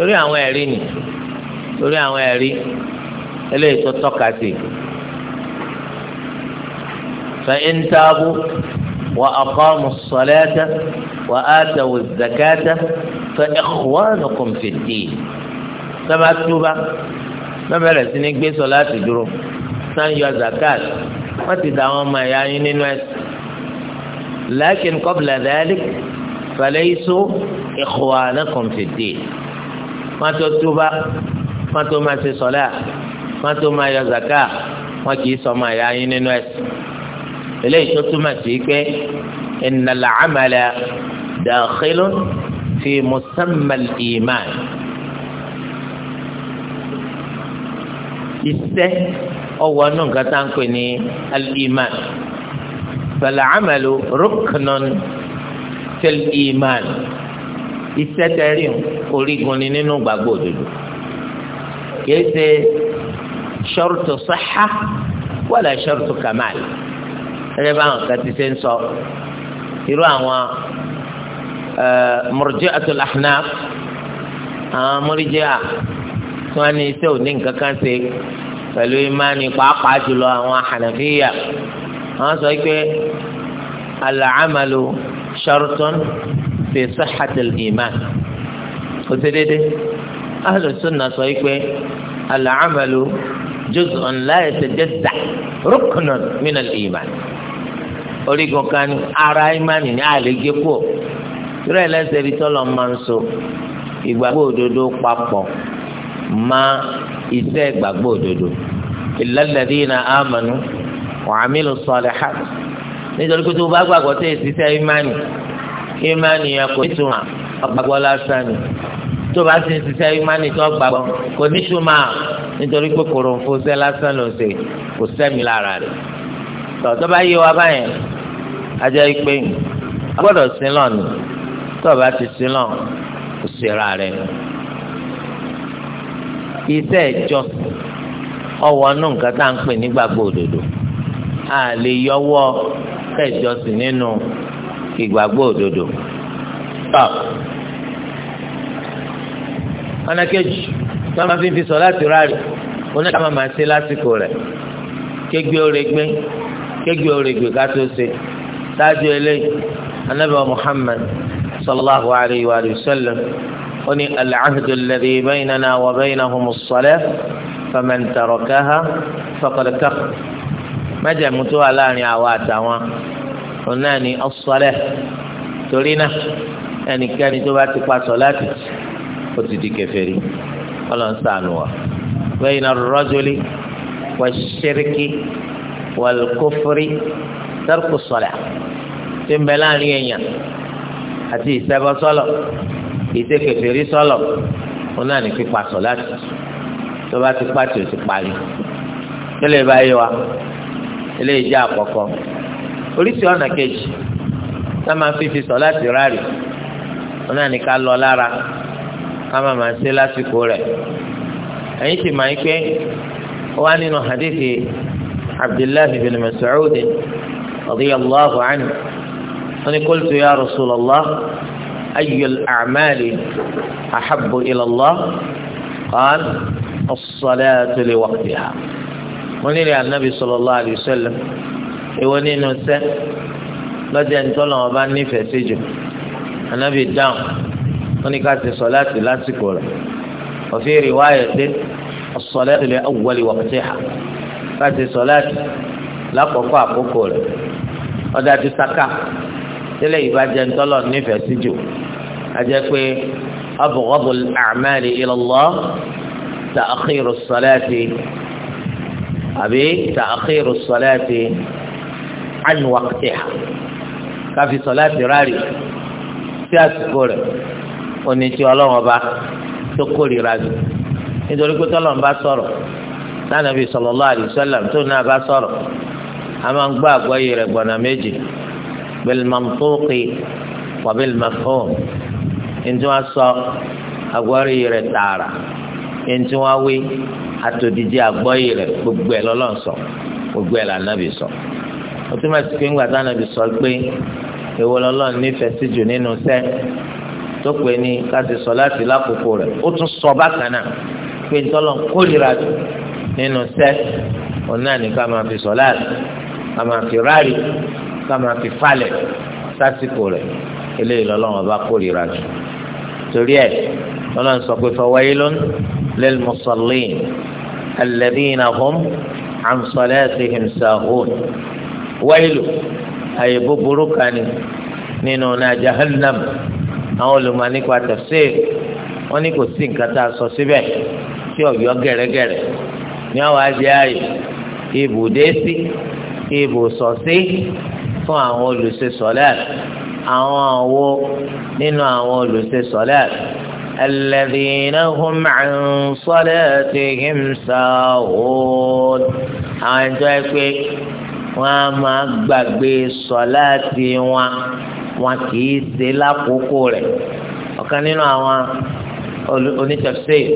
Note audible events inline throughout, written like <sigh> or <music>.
torí àwọn ẹ̀rí ni torí àwọn ẹ̀rí eléyìí tó tọ́ka sí i fa fa'in taabu wa aqamu salata wa atawu zakata fa ikhwanukum fi ddin sábà túbà bẹ́bẹ̀rẹ̀ sí ní gbé sọlá ti dúró san yọ zakat wọ́n ti dà àwọn ọmọ ẹ̀yà yín nínú ẹ̀sìn. lakin qabla dhalik falaysu ikhwanakum fi ddin. máa tó túbá máa tó máa ṣe sọlá máa tó máa yọ zaka wọn kì í sọ máa yá yín nínú ẹsẹ eléyìí tó túmọ̀ sí pé innal amala dakhilun fi musammal iman iṣẹ́ ọwọ́ nù nǹkan ń pè ní al-iman fal amalu ruknun fil iman ìsẹtẹrí orígun ni nínú gbàgbọ́ òdodo kìí ṣe ṣọrùtù sàhà wala ṣọrùtù kàmáàl ẹgbẹ báwọn kan ti ṣe ń sọ irú àwọn murji'atul ahnaf àwọn murji'a tí wọn ní iṣẹ́ òní nǹkan kan ṣe pẹ̀lú imáni pàápàá jùlọ àwọn hànàfíyà wọn sọ pé al ṣọrùtù fi sahhatil iman ó ṣe dédé ahlus sunna sọ yìí pé al-amalu juz'un la yatajazza ruknun minal iman orígun kan ní ara iman ní àlejò kù rẹ lẹsẹ ibi tọlọ máa ń so ìgbàgbọ́ òdodo papọ̀ má iṣẹ́ ìgbàgbọ́ òdodo ìlàlẹ́dínà àmọ́nú wàhámílù sọ̀lẹ́hà nítorí pé tó bá gbàgbọ́ tó èsì sẹ́ ìmánì ìmánì yẹn kò ní túmọ̀ ọgbàgbọ́ lásán ni tó bá ti ń ṣiṣẹ́ ìmánì tó gbàgbọ́ kò ní túmọ̀ nítorí pé kòròǹfò sẹ́ lásán ló ṣe kò sẹ́mi lára rẹ̀ tọ́ tó bá yé wa báyẹn ajá ikpe agbọ́dọ̀ sílọ̀ ni tó bá ti sílọ̀ kò síra rẹ̀ iṣẹ́ ìjọsìn ọwọ́ nù nǹkan tá à ń pè nígbàgbọ́ òdodo a lè yọwọ́ kẹjọsìn nínú ìgbàgbọ́ òdodo. ọ̀nà kejì tó máa fi fi sọ láti ráàlì oníkà máa máa ṣe lásìkò rẹ̀ kégbé orégbé kégbé orégbé ká tó ṣe ṣáájú eléyìí anabi muhammad sallallahu alayhi wa sallam ó ní alcahdu alladhi wa baynahum as-salah faman tarakaha faqad kafara láàrin àwa àtàwọn òun náà ni ọ̀sọ́lẹ̀ torí náà ẹnikẹ́ni tó bá ti pa sọ̀láàtì ó ti di kèfèrí ọlọ́run ṣàánú wa bẹ́ẹ̀ náà rọ́jòlì wà ṣẹ́ríkì wà kófìrí tẹ́rùkù sọ̀lẹ̀ tí ń bẹ láàrin èèyàn àti ìṣẹ́bọ sọ́lọ̀ ìṣe kèfèrí sọ́lọ̀ òun ni pípa sọ̀láàtì tó bá ti pa tí ó ti parí. tẹ́lẹ̀ báyìí wa eléyìí jẹ́ àkọ́kọ́ oríṣi ọ̀nà kejì tá máa fi fi sọ láti ráàlì wọn náà ní ká lọ lára ká máa máa ṣe lásìkò rẹ̀ ẹ̀yin sì máa ń pẹ́ wá nínú hadithi abdullahi bin mas'ud radiyallahu anhu wọn ni qultu ya rasulallah ayyul a'mali ahabbu ila Allah qal as li waqtiha wọn ni rẹ̀ anabi sallallahu alayhi wa sallam èwo nínú sẹ́ lọ́jọ́ ẹni tọ́lọ̀ wọn bá nífẹ̀ẹ́ sí jù anábì dáhùn wọn ni ká ti sọ láti lásìkò rẹ̀ òfin rìwáyà dé ọ̀sọ̀lẹ́ ìlẹ̀ awwali waqtiha ká ti sọ láti lákòókò àkókò rẹ̀ ọ̀dà ti saka tẹ́lẹ̀ ìbàjẹ́ ń tọ́lọ̀ nífẹ̀ẹ́ sí ajẹ́ pé abghadu al-a'mali ila Allah ta'khiru as-salati àbí ta'khiru as-salati an waqtiha káfi sọláàtì rárì sí àsìkò rẹ̀ òní tí ọlọ́run ọba tó kórìíra jù nítorí pé tọ́lọ́run bá sọ̀rọ̀ lánàbí sallallahu alaihi wasallam tó náà bá sọ̀rọ̀ a máa ń gbọ́ àgbọ́yé rẹ̀ gbọ̀nà méjì bil mantuqi wa bil mafhum ntí wọ́n sọ àgbọ́yé rẹ̀ tààrà ntí wọ́n wí àtòdìjì àgbọ́yé rẹ̀ gbogbo ẹ̀ lọ́lọ́run gbogbo ẹ̀ lànàbí sọ. So ó túmọ̀ sí pé ńgbà táwọn ẹbí sọ pé èwo lọ́lọ́run nífẹ̀ẹ́ sí jù nínú sẹ́ tó pé ní káṣí sọ láti lákòókò rẹ̀ ó tún sọ bákan náà pé ntọ́lọ́ kórìíra jù nínú sẹ́ òun náà ní ká máa fi sọ láti ká máa fi ráàlì ká máa fi falẹ̀ sásìkò rẹ̀ eléyìí lọ́lọ́run ọba kórìíra jù torí ẹ̀ lọ́lọ́run sọ pé fawailun lil musallin alladhina hum an salatihim sahun wáyélu àyè búburú kan ni nínú náà jahannam àwọn olùmọ̀ nípa tafsir wọn ní kò sí nǹkan tá a sọ síbẹ̀ tí ọ̀yọ́ gẹ̀rẹ́gẹ̀rẹ́ ní àwọn àjẹ́ àyè ibùdé sí ibùsọ̀ sí fún àwọn olùṣe sọ̀lẹ́ àwọn àwo nínú àwọn olùṣe sọ̀lẹ́ alladhina hum an salatihim sahun àwọn ẹjọ́ ẹ pé wọ́n á máa gbàgbé sọláàtì wọn wọn kì í ṣe lákòókò rẹ̀ ọ̀kan nínú àwọn onítafsir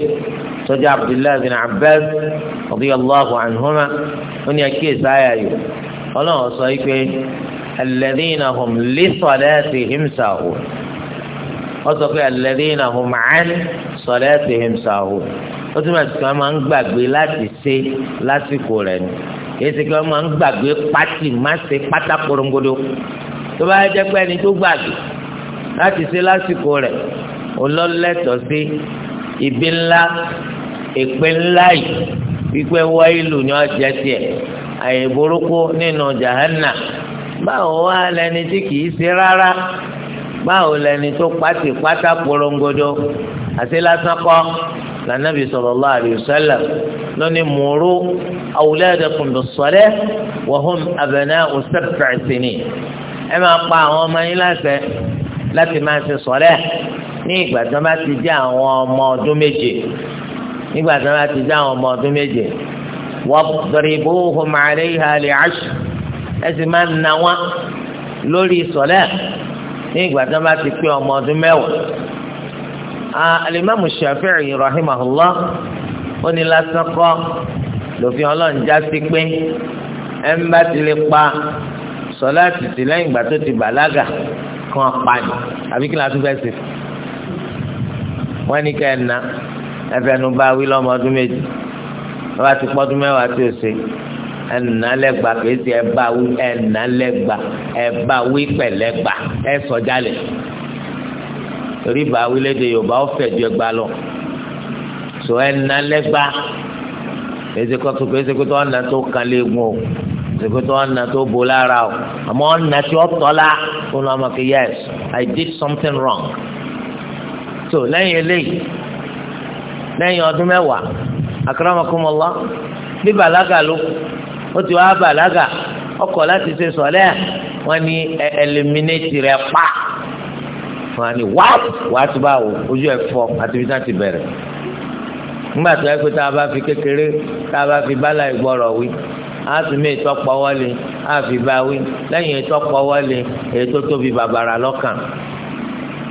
sọjá abdullahi bin abbas radiyallahu anhuma ó ní akíyèsí àyà yìí ọlọ́run sọ yìí pé alladhina hum li salatihim wọ́n sọ pé alladhina hum an salatihim sahun ó túmọ̀ sí pé wọ́n máa ń gbàgbé láti ṣe lásìkò rẹ̀ ni. èsì kí wọn máa ń gbàgbé pátì má ṣe pátá korongodo tó bá jẹ pé ẹni tó gbàgbé láti ṣe lásìkò rẹ olólẹ́tọ̀ sí ibi ńlá èpè ńlá yìí wípé wáyé lù ní ọjà tiẹ̀ àyè burúkú nínú jahanna báwo wá lẹni tí kìí ṣe rárá báwo lẹni tó pátì pátá korongodo àti lásán kọ́. lànàbì sallallahu alayhi wa sallam lóní mùrú awladakum bis-salah wa hum abna'u sab'i sinin ẹ máa pa àwọn ọmọ yín láṣẹ láti máa ṣe sọlẹ ní ìgbà tí wọn bá ti jẹ àwọn ọmọ ọdún méje nígbà tí wọn bá ti jẹ àwọn ọmọ ọdún méje wadribuhum 'alayha li'ashr ẹ sì máa nà wọn lórí sọlẹ ní ìgbà tí wọn bá ti pé ọmọ ọdún mẹ́wàá. Ah, alimami shafi'i rahimahullah ó ní lásán kọ́ lòfin ọlọ́run já sí pé ẹ̀ ń bá ti lè pa sọláàtì tí lẹ́yìn ìgbà tó ti bàlágà kan apààyàn àbí kí ni a tún fẹ́ ṣe wọ́n ní ká ẹ̀ na ẹ̀fẹ̀nu bá wí lọ́mọ ọdún méjì wọ́n bá ti pọ́dún mẹ́wàá tí o ṣe ẹ̀nà lẹ́gba kìí ṣe ẹ̀bá wí ẹ̀nà lẹ́gba ẹ̀bá wí pẹ̀lẹ́gba ẹ̀ sọ̀jálẹ̀ rìbá wílẹ̀dẹ̀ yorùbá ọ̀fẹ́ ju ẹgbàá lọ sọ ẹ̀nà lẹ́gbà ezekọ́tù pé ezekọ́tù ọ̀nà tó kan léegun o ezekọ́tù ọ̀nà tó bo lára o àmọ́ ọ̀nà tí ó tọ́ la ó lọ́ ọmọ kí yes I did something wrong so lẹ́yìn eléyìí lẹ́yìn ọdún mẹ́wàá akramakumullah bí bàlágà ló ó ti wá bàlágà ọkọ̀ láti ṣe sọ̀lẹ́ wọ́n ní eliminate rẹ̀ pa fan ni wá wá tó bá wò ojú ẹ fọ àti ibi tá ti bẹ̀rẹ̀ nígbà tó yẹ pé tá a bá fi kékeré tá a bá fi bálà ìgbọ́rọ̀ wí a sì mí ètò ọ̀pọ̀ wọlé a fi bá wí lẹ́yìn ètò ọ̀pọ̀ wọlé ètò tóbi bàbàrà lọ́kàn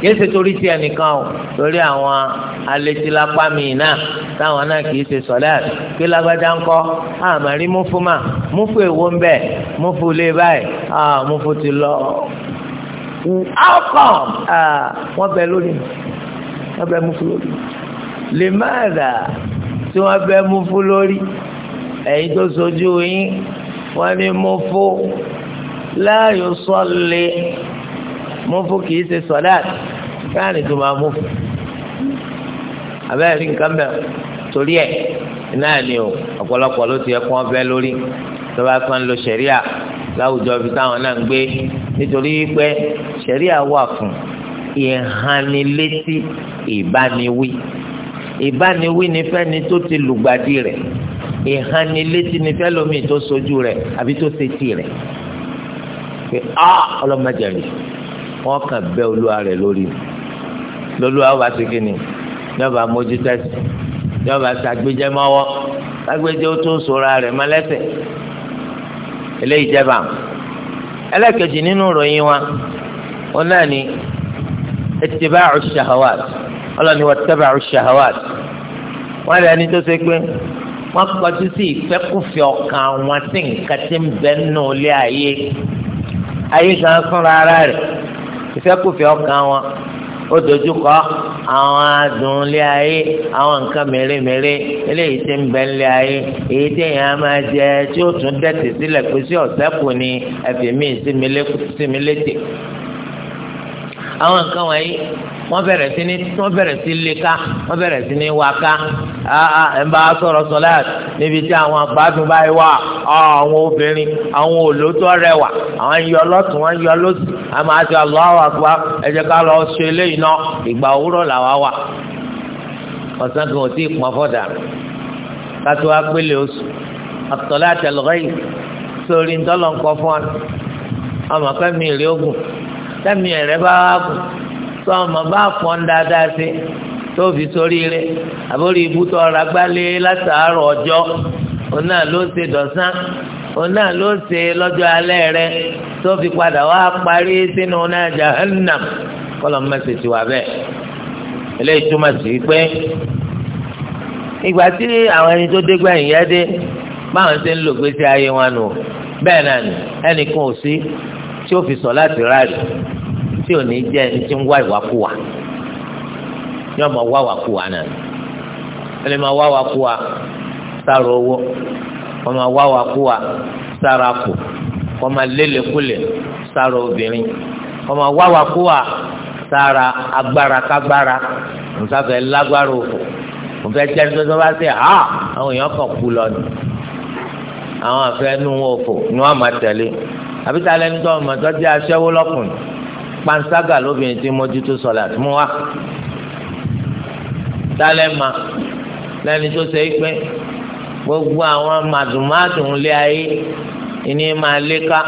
kìí ṣe torí tí ẹnìkan o torí àwọn alétílápá náà táwọn náà kìí ṣe sọlẹ́ẹ̀tì pé lágbájá ń kọ́ àmọ́ rí múfú mà múfú èwo ń bẹ̀ múfú lé báyìí múfú ti lọ alcohol wọ́n bẹ lórí mi wọ́n bẹ mú fún lórí lè má dà tí wọ́n bẹ mú fún lórí ẹ̀yin tó sojú yín wọ́n ní mú fún láàyò sọ́lé mú fún kì í ṣe sọ́dáàtì káàní tó máa mú fún abẹ́rẹ́ rí nǹkan bẹ́ẹ̀ torí ẹ̀ náà ni o ọ̀pọ̀lọpọ̀ ló ti ẹ̀kọ́ ọbẹ̀ lórí tó bá pọ́n lo ṣẹ̀ríà láwùjọ ibi táwọn náà ń gbé nítorí pé ṣẹ̀ríà wà fún ìhánilétí ìbániwí ìbániwí ni fẹ́ni tó ti lùgbàdì rẹ̀ ìhánilétí ni fẹ́ lómi tó sojú rẹ̀ àbí tó setí rẹ̀ pé a ọlọ́mọdé rẹ̀ wọ́n kàn bẹ́ olúwa rẹ̀ lórí lọ́lúwa ó bá ti kí ni yọba mójútẹ́sì yọba sàgbéjẹ́mọ́wọ́ sàgbéjẹ́ ó tó sora rẹ̀ mọ́lẹ́sẹ̀. eléyìí jẹba ẹlẹ́kejì nínú ìròyìn wa wọn náà ni ittiba'u shahawat ọlọ́ni wattaba'u shahawat wọn lè ẹni tó ṣe pé wọn kọjú sí ọkàn wọn sí nǹkan tí ń bẹ nínú ilé ayé ayé kan fúnra ara rẹ̀ ìfẹ́kùfẹ́ ọkàn wọn. ó dojú kọ àwọn adùn ilé ayé àwọn nǹkan mèremère eléyìí tí ń bẹ ilé ayé èyí tí èèyàn máa jẹ tí ó tún dẹ̀tì sílẹ̀ pé sí ọ̀sẹ̀ kù ni ẹ̀fẹ̀ mi sí mi létí àwọn nǹkan wọ̀nyí wọ́n bẹ̀rẹ̀ sí ní wọ́n bẹ̀rẹ̀ sí lé ká wọ́n bẹ̀rẹ̀ sí ní wá ká ẹ̀ ń bá sọ̀rọ̀ sọ̀láàt níbi tí àwọn àgbàdùn báyìí wà àwọn obìnrin àwọn olóòótọ́ rẹwà àwọn ń yọ lọ́tún wọ́n ń yọ lọ́sì àmọ́ àti Allahu Akbar ẹ jẹ́ ká lọ ṣe eléyìí náà ìgbà òwúrọ̀ làwa wà ọ̀sán kan tí ì pọn fọ́dà kátó apélé oṣù àtọ̀lá àtẹlọ́yìn sórí ńdọ́lọ́ ńkọ fún ọ ọmọ kẹ́mi ìrẹ́ ogun kẹ́mi ẹ̀rẹ́ bá wà gùn sọ ọmọ bá fọ́n dáadáa sí tó fi sórí rẹ̀ àbórí ibùtọ̀ ọ̀rá gbálẹ̀ látàárọ̀ ọjọ́ òun náà ló ń ṣe dọ̀sán òun náà ló ń ṣe lọ́jọ́ alẹ́ rẹ̀ tó fi padà wá parí sínú náà jahannam kọ́lọ̀ mẹ́sẹ̀ ti wà bẹ́ẹ̀ eléyìí túmọ̀ sí pé ìgbà tí àwọn ẹni tó dé gbẹ̀yìn yá dé báwọn ṣe ń lò gbèsè ayé wọn nù bẹ́ẹ̀ náà ẹnì kan ò sí tí ó fi sọ láti ráàlì tí ò ní jẹ́ ẹni tí ń wá ìwàkuwà yóò máa wá ìwàkuwà náà ẹni máa wá ìwàkuwà sára owó wọ́n máa wá ìwàkuwà sára kù wọ́n máa lélẹ̀kulẹ̀ sára obìnrin wọ́n máa wá ìwàkuwà sára agbára kágbára nǹkanfẹ́ lágbára òfò nǹkan jẹ́ ẹni tó bá ṣe ha àwọn èèyàn kàn kú lọ ni àwọn àfẹ́ nù òfò ni wọ́n máa tẹ̀lé àbí ta lẹ́ni tó ọmọ aṣẹ́wó lọ́kùnrin pansaga lóbìnrin tí mójútó sọlá tí mo wá dálẹ́ ma lẹ́ni tó ṣe é pé gbogbo àwọn màdùmádùn lé ayé ìní máa léka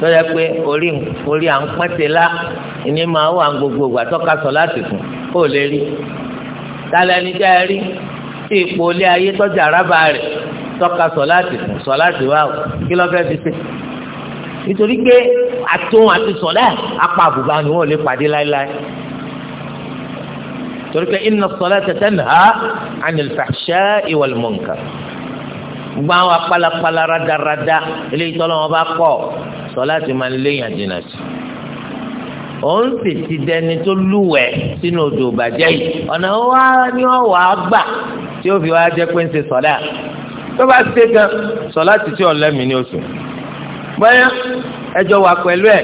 tó yẹ pé orí orí à ń pẹ́tẹ́ la ìní máa wà gbogbo ìgbà tó ka sọ láti kù kó lè rí dálẹ́ jẹ́ rí tí ipò ilé ayé tọ́jà rábà rẹ̀ tọ́ka sọ láti kù sọ láti wá kí ló fi ṣe nítorí pé àtòun àti sọ̀lá apá àbùbá ni wọ́n lè pàdé láéláé torí pé inna as-salata tanha 'anil fahsha'i wal munkar gbọ́n àwọn apalapala radarada eléyìí tọ́lọ́ wọn bá kọ́ sọlá ti máa ń léyìn àdínà sí òun sì ti dẹni tó lúwẹ̀ sínú odò ìbàjẹ́ yìí ọ̀nà wa ni wọ́n wà á gbà tí ó fi wá jẹ́ pé ń ṣe sọlá tó bá ṣe gan sọlá ti tí ọ̀lẹ́mì ní oṣù bẹ́ẹ̀ ẹjọ́ wà pẹ̀lú ẹ̀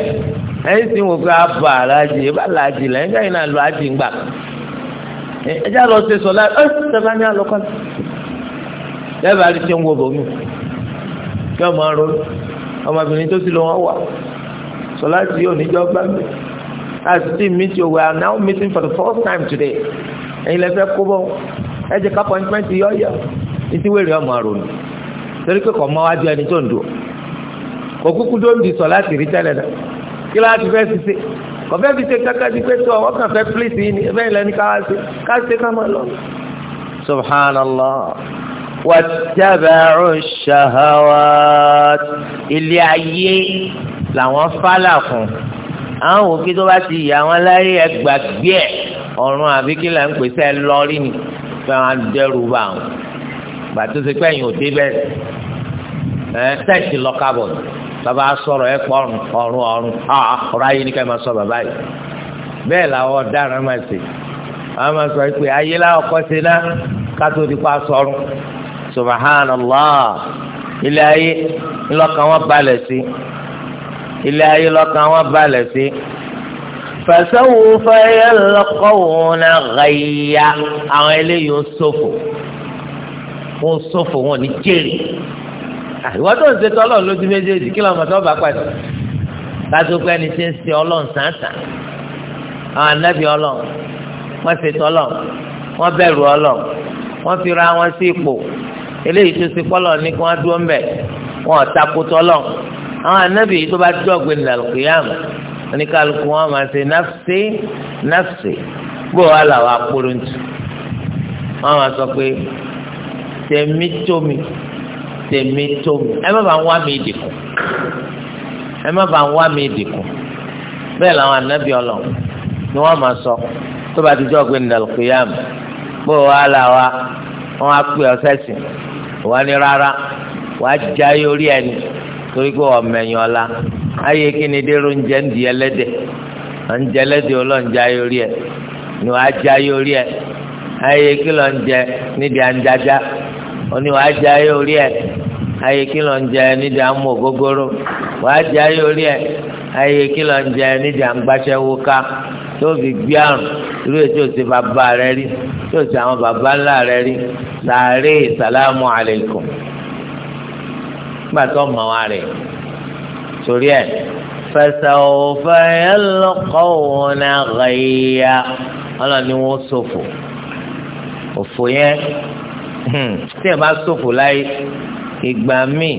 ẹ̀yìn sì ń wò pé àbà aláàjì ẹ̀bà aláàjì lẹ́yìn káyìn náà lọ àjì ń gbà ẹjọ́ lọ ṣe sọ láì ẹ̀ sẹ́fà ní àlọ́kọ́ lẹ́bàá rí ṣe ń wo bòmí kí ọmọ arọ ọmọbìnrin tó ti lọ wọn wà sọ láti yóò níjọ́ gbà mí as we meet you we are now meeting for the first time today ẹ̀yin lẹ́fẹ́ kó bọ́ ẹ jẹ́ ká appointment yọ̀ọ̀yọ̀ ìtìwérè ọmọ arọ ni torí pé kò mọ́ wájú ẹni tó ń dùn kò kúkú tó ń di sọ láti rí tẹ́lẹ̀ náà kí láti fẹ́ ti ṣe kò fẹ́ fi ṣe kankan ti pé tó ọ kàn fẹ́ pílíìsì yìí ni ẹ̀fẹ́ ìlẹ́ni ká ṣe ká ṣe ká máa lọ. subhanallah wàtẹ́bẹ̀rún ṣahawat ilé ayé làwọn fálà fún àwọn òbí tó bá ti yà wọn láyé ẹgbàgbé ẹ ọ̀run àbí kí là ń pèsè lọ́rí ni fẹ́ wọn dẹ́rù bá wọn gbàtúnṣe pẹ́yìn òde bẹ́ẹ̀ ẹ tẹ̀sí lọ́kàbọ̀dù bàbá sọ̀rọ̀ ẹ pọ̀ ọ̀run ọ̀run ọ̀run ọ̀rọ̀ ayé ni ká máa sọ bàbá yìí bẹ́ẹ̀ làwọn ọ̀daràn máa ṣe àwọn máa sọ pé ayé láwọn kọ́ ṣe ná kátó ti pa sọ̀run subhanallah ilé ayé ńlọ́kàn wọn balẹ̀ sí ilé ayé ńlọ́kàn wọn balẹ̀ sí fasawufa yalqawna ghayya àwọn eléyìí ó ṣòfò wọn ṣòfò wọn ní jèrè ìwọ́n tó ń ṣe tọ́ ọlọ́run lójú méjèèjì kí lọ́mọ tó bá pàdé láti pé ẹni tí ń ṣe ọlọ́run sàǹsàn àwọn anábì ọlọ́run wọ́n ṣe tọ́ ọlọ́run wọ́n bẹ̀rù ọlọ́run wọ́n fi ra wọn sí ipò eléyìí tó ṣe pọ́lọ̀ ní kí wọ́n dúró ń bẹ̀ wọ́n takò tọ́ ọlọ́run àwọn anábì tó bá dọ̀gbìn nàlùkìyàmù oníkàlùkù wọn máa ṣe náfṣe náfṣe gbọ́ wa làwọn akpọ̀rọ̀ ntù wọ́n máa sọ pé tẹ̀mí tómi tèmi tó mi ẹ má bàa ń wá mi dìkù ẹ má bàa ń wá mi dìkù bẹ́ẹ̀ làwọn anábì ọlọ ni wọ́n máa sọ tó bá ti jọ́ pé nàlùkìyàmù bó o wá là wá wọ́n á pè ọ́ sẹ́sìn wọ́n ní rárá wàá já orí ẹni torí pé wọ́n ọ̀la ayé kí ni dérò ń jẹ́ ń di ẹlẹ́dẹ̀ ń jẹ ẹlẹ́dẹ̀ ọlọ́njá orí ẹ ni wàá já orí ẹ ayé kí ló níbi àǹjájá oní wàá já ẹ ayé kí ló ń jẹ nídìí àmú ògógóró wàá jẹ ayé orí ẹ ayé kí ló ń jẹ nídìí àgbàṣẹwó ká tó fi gbé àrùn irú ètò òsè bàbá rẹ rí tí òsè àwọn bàbá ńlá rẹ rí sàárè sàlámù àlẹkùn gbàtọ́ mọ̀ wá rẹ̀ torí ẹ̀ فسوف يلقون غيا ọlọ́run ni wọ́n ṣòfò òfò yẹn hmm, tí ẹ bá ṣòfò láyé ìgbà míì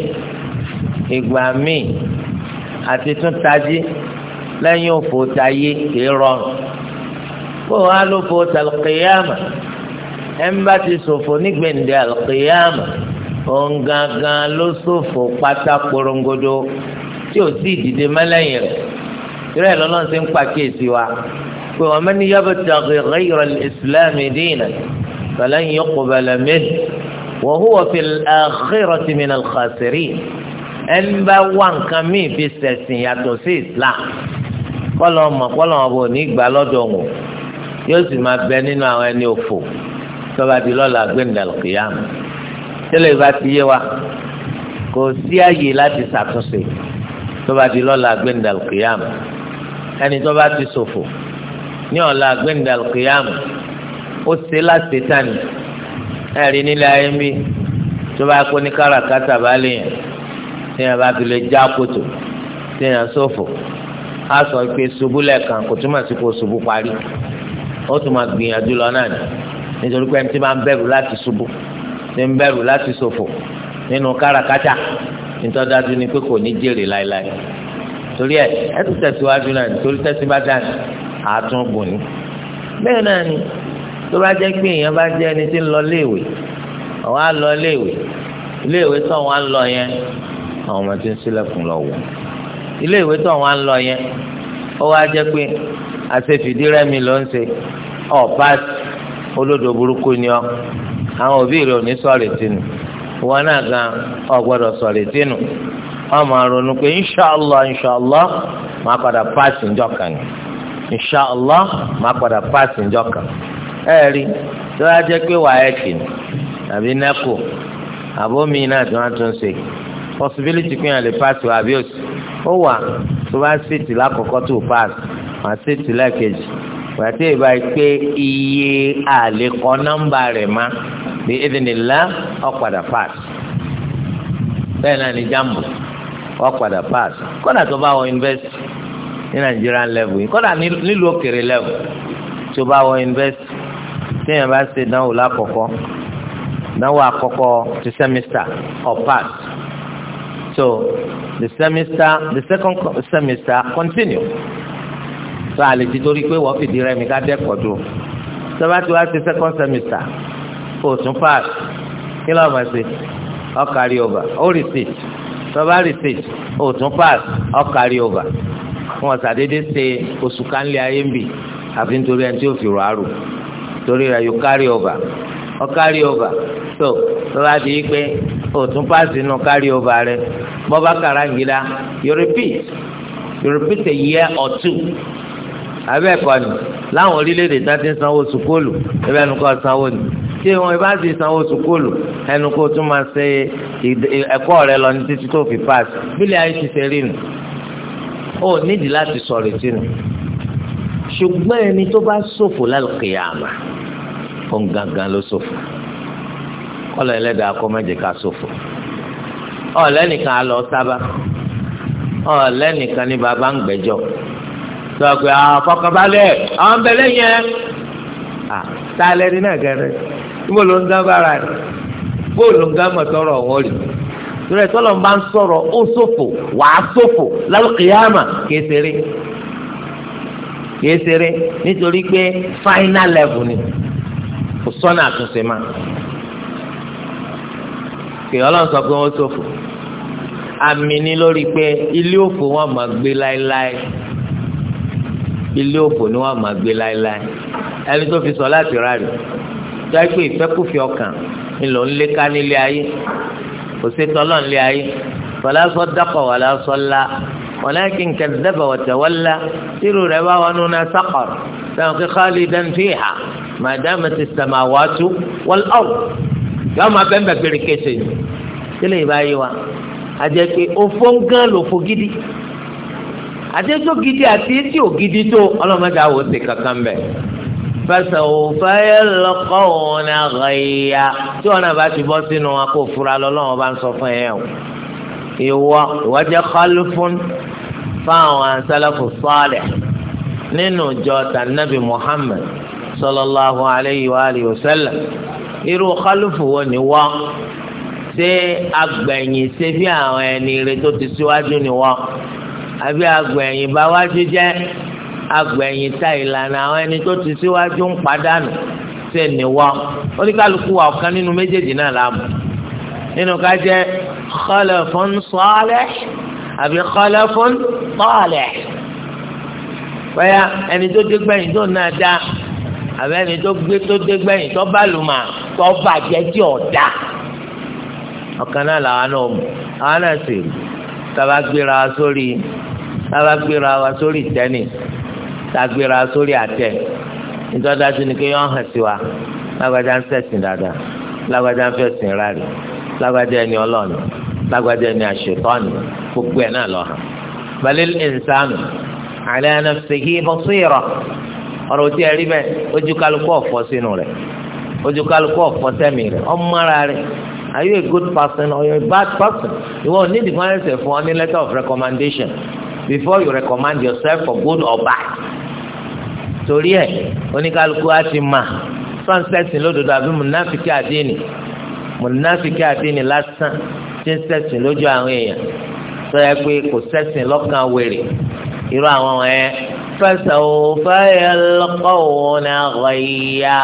ìgbà míì àti tún tají lẹ́yìn òfò tayé kìí rọrùn kó wọn á ló fò tàlùkìyàmà ẹ̀ ń bá ti ṣòfò nígbèǹde àlùkìyàmà òun gangan ló ṣòfò pátá korongodo tí ò sí ìdìde mẹ́lẹ́yìn rẹ̀ ìrẹ́ lọ́lọ́run ti ń pàkíyèsí wa pé wa man yabtaghi ghayra al-islami dinan falan yuqbala minhu wa huwa fil akhirati minal khasirin ẹni bá wà nǹkan míì fi ṣẹ̀sìn yàtọ̀ sí islam kọ́lọ́ ọmọ kọ́lọ́ ọmọ bò ní ìgbà lọ́dọ̀ wọn yóò sì máa bẹ nínú àwọn ẹni òfò tọ́ba di lọ́la gbẹ̀ndàlùkìyàm tẹ́lẹ̀ bá ti yé wa kò sí àyè láti ṣàtúnṣe tọ́ba di lọ́la gbẹ̀ndàlùkìyàm ẹni tọ́ba ti ṣòfò ní ọ̀la gbẹ̀ndàlùkìyàm ó ṣe láti tani ẹ̀rí nílé ayé ń bí tó bá kó ní káràkátà bá lè yàn téèyàn bá fi lè já kòtò téèyàn ṣòfò á sọ pé ṣubú lẹ́ẹ̀kan kò túmọ̀ sí kó ṣubú parí ó tún máa gbìyànjú lọ náà ni nítorí pé ẹni tí máa ń bẹ̀rù láti ṣubú ti ń bẹ̀rù láti ṣòfò nínú káràkátà nítọ́jáde ni pé kò ní jèrè láéláé torí ẹ ẹ tún tẹ̀síwájú náà nítorí tẹ̀síwájú náà àtúngbò ni bẹ́ẹ̀ náà ni. tó bá jẹ́ pé èèyàn bá jẹ́ ẹni tí ń lọ léèwé àwọn á lọ léèwé iléèwé tó á ń lọ yẹn àwọn ọmọ tí ń sílẹ̀kùn lọ wọ̀ iléèwé tó á ń lọ yẹn ó wá jẹ́ pé àṣefìdírẹ́mi ló ń ṣe ọ̀pá olódò burúkú ni ọ́ àwọn òbí rẹ̀ ò ní wọn náà gan wọn máa ronú pé máa padà páàsì ẹ rí tó bá jẹ́ pé wáyẹ̀kì àbí nẹ́kù àbómi náà tí wọ́n tún ṣe possibility pé yàn lè pass wá àbí òsì ó wà tó bá ṣètì lákòókò tó pass wàá ṣètì lẹ́ẹ̀kejì pàtẹ́ ìbá pé iye àlékọ́ nọ́mbà rẹ̀ má bí ìdìnnìlá ọ̀padà pass bẹ́ẹ̀ náà ní jambu ọ̀padà pass kọ́dà tó bá wọ university ní Nigerian level yìí kọ́dà nílùú òkèrè level tó bá wọ university téèyàn bá ṣe ìdánwò lákọ̀ọ́kọ́ ìdánwò àkọ́kọ́ ti semester or pass so the semester the second semester continue so àlè ti torí pé wọ́n fìdí rẹ̀ mi ká dẹ́kọ̀ọ́ dúró sọ́ba tí wàá ṣe second semester kò tún pass kí ló máa ṣe ọ carry over ó receipt sọ́ba receipt ó tún pass ọ carry over wọn ṣàdédé ṣe oṣù kanlé ayé ń bì àfi nítorí ẹni tí ó fi rọ àrò torí rẹ̀ yóò carry over ọ carry over tó lọ́la di yí pé o tún paasi nù carry over rẹ bọ́ba karangida you repeat you repeat a year or two abẹ́ ẹ̀kọ́ ni láwọn orílẹ̀-èdè tá ti ń sanwó sùkúlù ẹbẹ̀ ẹnu kọ́ sanwó ni tí wọn bá ti sanwó sùkúlù ẹnu kó tún máa ṣe ẹ̀kọ́ rẹ lọ ní títí tó fi paasi bílẹ̀ ayé ti ṣe rí nu ó nídìí láti sọ̀rọ̀ ìtì nu ṣùgbọ́n ẹni tó bá ṣòfò lálùkìyàmà. fún gangan ló ṣòfò kọ́lọ̀ ẹlẹ́dàá kọ́ lọ sábà ọ̀lẹ́nìkan ní bàbá ń gbẹ́jọ́ sọ̀gbẹ́ àfọkànbalẹ̀ àwọn bẹ̀lẹ̀ yẹn tá a lẹ́ni náà gẹ́rẹ́ níbo ló ń dá bára rẹ̀ bóòlù ń gámọ̀ tọrọ ọ̀wọ́ rẹ̀ torí ẹ̀ ń bá ń ó lálùkìyàmà ni. sọ́nà àtúnṣe máa pé ọlọ́run sọ pé wọ́n ṣòfò àmì ni lórí pé ilé òfò wọn máa gbé láéláé ilé òfò ni wọn máa gbé láéláé ẹni tó fi sọ láti rà rè jáì pé ìfẹ́kùfẹ́ ọkàn ńlọ ńléka nílé ayé òṣètọ́lọ́ nílé ayé fala saddaqa wala salla walakin kadhaba wa tawalla irú rẹ̀ bá wọn nù náà saqar sẹ́wọ̀n kí khalidan fiha màdàmà ti sàmàwàtú wal ard yọọ máa bẹ́ẹ̀ bẹ́ẹ̀ gbèrè kése ni tílé ìbáyé wa àjẹ pé òfò ń gán lòfò gidi àti ètò gidi àti ètò ògidi tó ọlọ́mọdé àwọn òsè kankan bẹ̀ fasawfa yalqawna ghayya tí wọn náà bá ti bọ́ sínú wọn kó fura lọ́lọ́wọ́n bá ń sọ fún ẹ o ìwọ ìwọ jẹ́ khalifun fáwọn salafu salih nínú ìjọ tànàbí Muhammad sallallahu alayhi wa alihi wa sallam irú kálífù wo ni wọ́n ṣé agbẹ̀yìn ṣe bí àwọn ẹni rẹ tó ti síwájú ni wọ́n àbí agbẹ̀yìn bá wájú jẹ́ agbẹ̀yìn ta ìlànà àwọn ẹni tó ti síwájú ń padànù ṣe ni wọ́n oníkálukú wa ọ̀kan nínú méjèèjì náà láàmú nínú ká jẹ́ khalafun salih àbí khalafun talih bóyá ẹni tó dé gbẹ̀yìn tó náà dáa àbẹ́ni tó gbé tó dé gbẹ̀yìn tó bá lù mà tó bàjẹ́ tí ò dá ọ̀kan náà làwọn náà mú àwọn náà sì tàbá gbéra wa sórí tàbá gbéra wa sórí tẹ́nì tàbá gbéra wa sórí àtẹ nítorí dájú ni kéèyàn hàn sí wa lágbájá ń ṣẹ̀sìn dáadáa lágbájá ń fẹ̀sìn ráàlì lágbájá ẹni ọlọ́ọ̀nù lágbájá ẹni àṣetọ́ọ̀nù gbogbo ẹ̀ náà lọ hàn balil insanu ala nafsihi basira ọ̀rọ̀ tí ẹ rí bẹ́ẹ̀ ojú kálukú ọ̀fọ́ sínú rẹ̀ ojú kálukú ọ̀fọ́ sẹ́mi rẹ̀ ọmọ ara rẹ̀ are you a good person or you a bad person you won't need the finance fún ọ letter of recommendation before you recommend yourself for good or bad torí ẹ oníkálukú á ti mà sọ́nsẹ́sì lódodo àbí mùnáfíkì àdínì mùnáfíkì àdínì lásán tí ń sẹ́sìn lójú àwọn èèyàn sọ yẹ pé kò sẹ́sìn lọ́kàn wèrè irú àwọn ẹ̀ فسوف يلقون غيا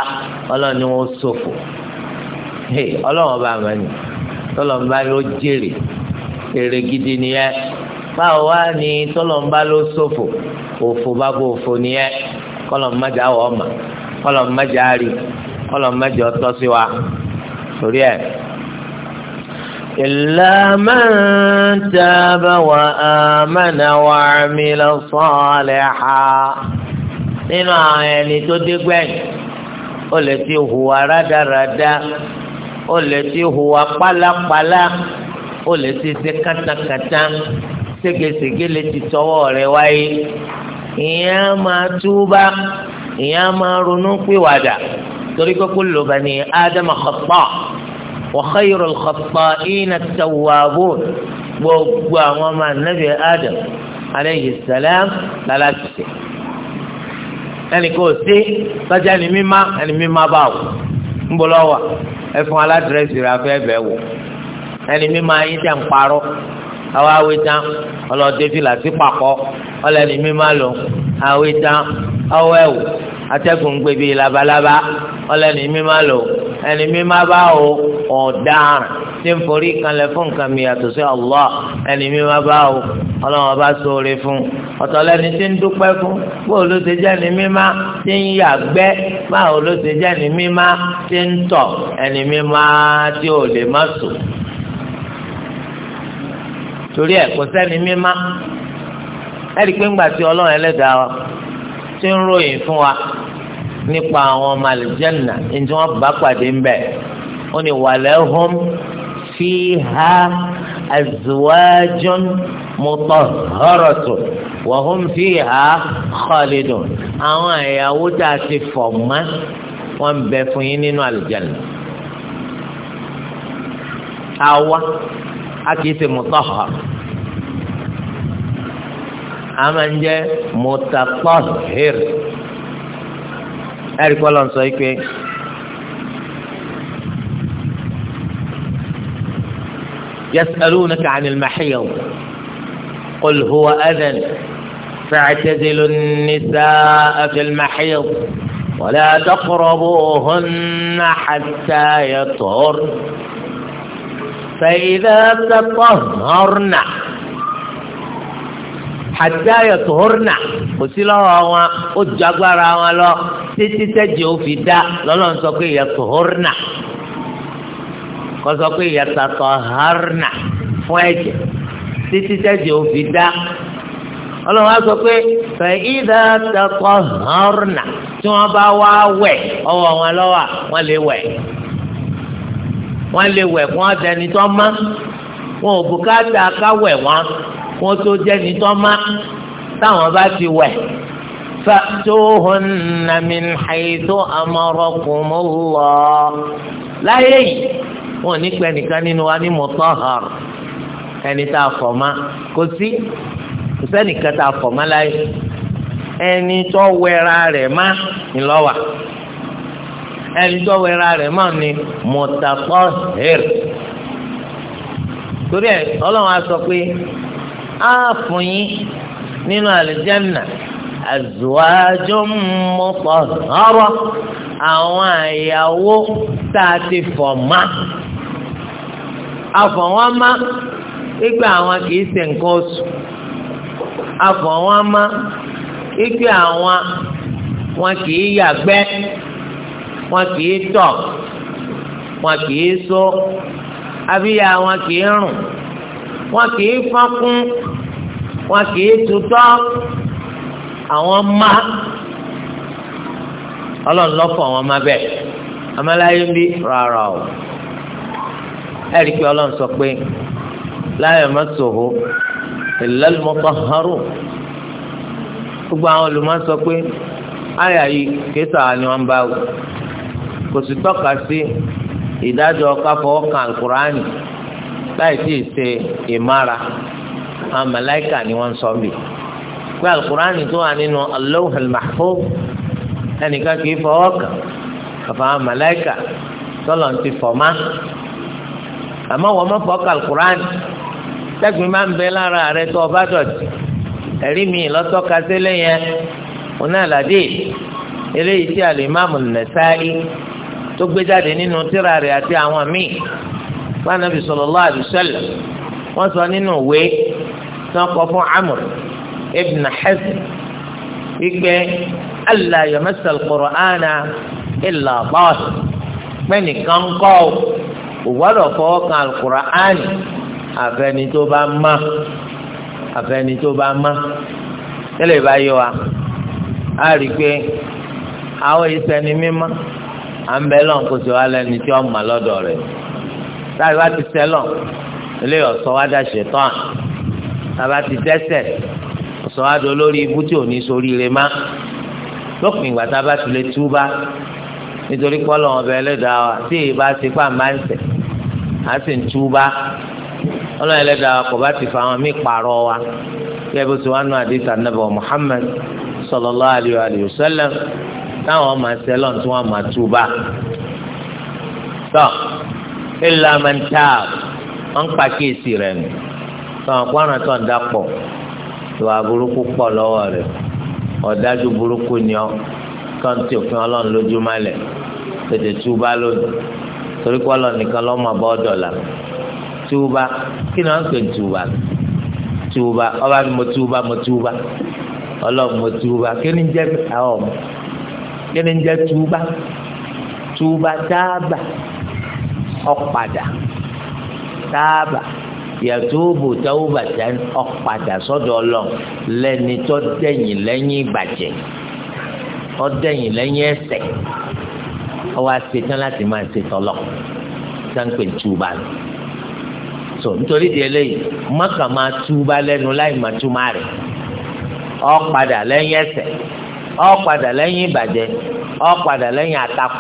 ọlọ́ni wọn ṣòfò ọlọ́wọ́n bá mọ̀ ní tọ́lọ́mbá ló jèrè èrè gidi nìyẹn báwo wá ní tọ́lọ́mbá ló ṣòfò òfò bá bó òfò nìyẹn kọ́lọ́mọ́jà wọ̀ ọ́ rí kọ́lọ́mọ́jà ọtọ́ sí wa torí ẹ̀. إلا من تاب وآمن وعمل صالحا nínú àwọn ẹni tó dé gbẹ̀yìn ó lè ti hùwà rádaràda ó lè ti hùwà pálapàla ó lè ti ṣe kátàkátà ségesège lè ti tọwọ́ rẹ̀ wáyé ìyẹn á máa túbá ìyẹn á máa ronú pìwàdà torí pé kullu bani Adama khata wa khayrul khatta'ina at-tawwabun gbogbo àwọn ọmọ anabi adam aleyhi salam lálásìsẹ ẹnì kò sí sọjá ẹni mímá ẹni mímá báwò ń bọ̀ lọ́wọ́ ẹ fún aládìrẹ́sì rẹ afẹ́ bẹ́ẹ̀ wò ẹni mímá yín tẹ̀ ń parọ́ àwọn awé tán ọlọ́dẹ fìlà sí pàkọ́ ọlọ́ni mímá lọ awé tán ọwọ́ ẹ̀wò atẹ́gùn gbèbí labalábá ọlọ́ni mímá lọ ẹni mímá báwò ọ̀daràn tí ń forí kanlẹ̀ fún nǹkan mi yàtọ̀ sí Allah ẹni mi máa bá o ọlọ́run ọba sóore fún ọ̀tọ̀ lẹ́ni tí ń dúpẹ́ fún bóò ló ṣe jẹ́ ni mímá tí ń yàgbẹ́ báwo ló ṣe jẹ́ ni mímá tí ń tọ̀ ẹni mímá tí ò lè má sùn torí ẹ̀ kò sẹ́ni mímá ẹ̀rí pé ńgbà tí ọlọ́run ẹlẹ́dàá wa ti ń ròyìn fún wa nípa àwọn ọmọ àlùjànnà ní tí wọ́n bá ó ní walahum fiha azwajun mutahharatun wa hum fiha khalidun àwọn ìyàwó tá a ti fọ̀ mọ́ wọ́n ń bẹ fún yín nínú àlùjánnà àwa a kì í ṣe mutahhar a máa ń jẹ́ mutatahhir ẹ̀rí kọ́ ń sọ yìí pé. يسألونك عن المحيض قل هو أذن فاعتزلوا النساء في المحيض ولا تقربوهن حتى يطهرن فإذا تطهرن حتى يطهرن وسلوا وجبروا لو تتجو في داء لو لن تقي يطهرن wọ́n sọ pé yàtàtọ̀ harna fún ẹ̀jẹ̀ títí tẹ̀jẹ̀ ò fi dá ọlọ́run á sọ pé fẹ̀yìdà tẹ̀kọ̀ harna tí wọ́n bá wá wẹ̀ ọwọ́ wọn lọ́wọ́ wọn lè wẹ̀ wọn lè wẹ̀ fún ọ̀dẹni tó mọ́ wọn ò bùkátà káwẹ̀ wọn wọn tó jẹ́ni tó mọ́ táwọn bá ti wẹ̀. فأتوهن من حيث أمركم الله لا يجي wọn ò ní pẹ́ nìkan nínú wa ní mutahhar ẹni tá a fọ̀ ma kò sí kò sẹ́nìkan tá a fọ̀ ma láyé ẹni tó wẹra rẹ̀ má ńlọ́wà ẹni tó wẹra rẹ̀ má ni mutatahhir torí ẹ ọlọ́run á sọ pé á fún yín nínú àlùjánnà azwajum mutahhara àwọn àyàwó tá a ti fọ̀ ma afọ̀ wọn má ìgbà àwọn kìí ṣe nǹkan oṣù afọ̀ wọn má ìgbà àwọn wọn kìí yàgbẹ́ wọn kìí tọ̀ wọn kìí sọ abíyá wọn kìí rùn wọn kìí fọkún wọn kìí tutọ́ àwọn má ọlọ́run lọ́fọ̀ wọn má bẹ́ẹ̀ amaláyé ń bí rárá o ẹ̀rí pé ọlọ́run sọ pé la yamassuhu illal mutahharun gbogbo àwọn olùmọ̀ sọ pé àyà yìí kéésà ni wọ́n bá wò kò sì tọ́ka sí ìdájọ́ káfọwọ́ kan alukurani láì tí ì ṣe ìmára àwọn màláíkà ni wọ́n sọ bì pé alukurani tó wà nínú Allahul ẹnìkan kì í fọwọ́ kàn àfàwọn màláíkà tọ́lọ̀ ti fọ̀ máa àmọ́ wọ́n mọ̀ fọ́ọ̀kà alukur'an tẹ́gbìn máa ń bẹ lára rẹ tó ọba dọ̀tí ẹ̀rí mi lọ́tọ́ka sílẹ̀ yẹn ọ̀nà àlàdé eléyìí tí alimami Nasa'i tó gbé jáde nínú tírà rẹ̀ àti àwọn míì fanabi sallallahu alaihi wasallam wọ́n sọ nínú ìwé tí wọ́n kọ fún Amr ibn Hazm wípé alla yamassa al-Qur'ana illa pẹ́ nìkan kọ́ ọ́ kò gbọ́dọ̀ fọwọ́ kan alukur'ani àfẹni tó bá má àfẹni tó bá má tẹ́lẹ̀ bá yọ wa á rí i pé àwọn ìsẹ̀ni mímọ́ à ń bẹ lọ́n kó sì wá lẹ́ni tí wọ́n mọ̀ lọ́dọ̀ rẹ̀ táyì wá ti sẹ́lọ̀ ilé ọ̀sọ́ wá dá ṣetán tàbá ti dẹ́sẹ̀ ọ̀sọ́ wá do lórí ibú tí ò ní sórí rẹ̀ má lópin ìgbà tá a bá ti lè túbá nítorí pọ́lọ́ ọ̀bẹ ẹlẹ́dàá wa tí èyí bá ti pa máa ń sẹ̀ a sì ń túbá ọlọ́run ẹlẹ́dàá kò bá ti fa àwọn mí pààrọ̀ wa kí ẹ bó ti wá nù àdìsá nàbà Muhammad sallallahu alayhi wa sallam táwọn ọmọ sẹlọ̀ tí wọ́n máa túbá tọ́ illa man taab wọ́n ń pàkíyèsí rẹ̀ nù tọ́wọ́n kọ́ran tó ń dapọ̀ ìwà burúkú pọ̀ lọ́wọ́ rẹ̀ ọ̀dájú burúkú ni ọ́ tó òfin ọlọ́run lójúmọ́ lẹ̀ tètè túbá lónìí torí kó lọ nìkan lọ́ mọ̀ bọ́ dọ̀là túbà kí ni wọ́n ń pè túbà túbà ọba ni mo túbà mo túbà ọlọ́run mo túbà kí ni jẹ́ àwọn ọmọ kí ni jẹ́ túbà túbà dáàbà ọ̀padà dáàbà yàtúbù táwùbà tẹ ọ̀padà sọ́dọ̀ ọlọ́run lẹ́ni tó dẹ̀yìn lẹ́yìn ìbàjẹ́ ọ̀dẹ̀yìn lẹ́yìn ẹ̀ṣẹ̀ ọwọ́ àṣetán láti máa ṣe tọ́lọ̀ sáńpẹ̀ túbà ni so nítorí di eléyìí mọ́kà máa túbà lẹ́nu láì máa túmọ̀ rẹ̀ ó padà lẹ́yìn ẹ̀ṣẹ̀ ó padà lẹ́yìn ìbàjẹ́ ó padà lẹ́yìn àtakò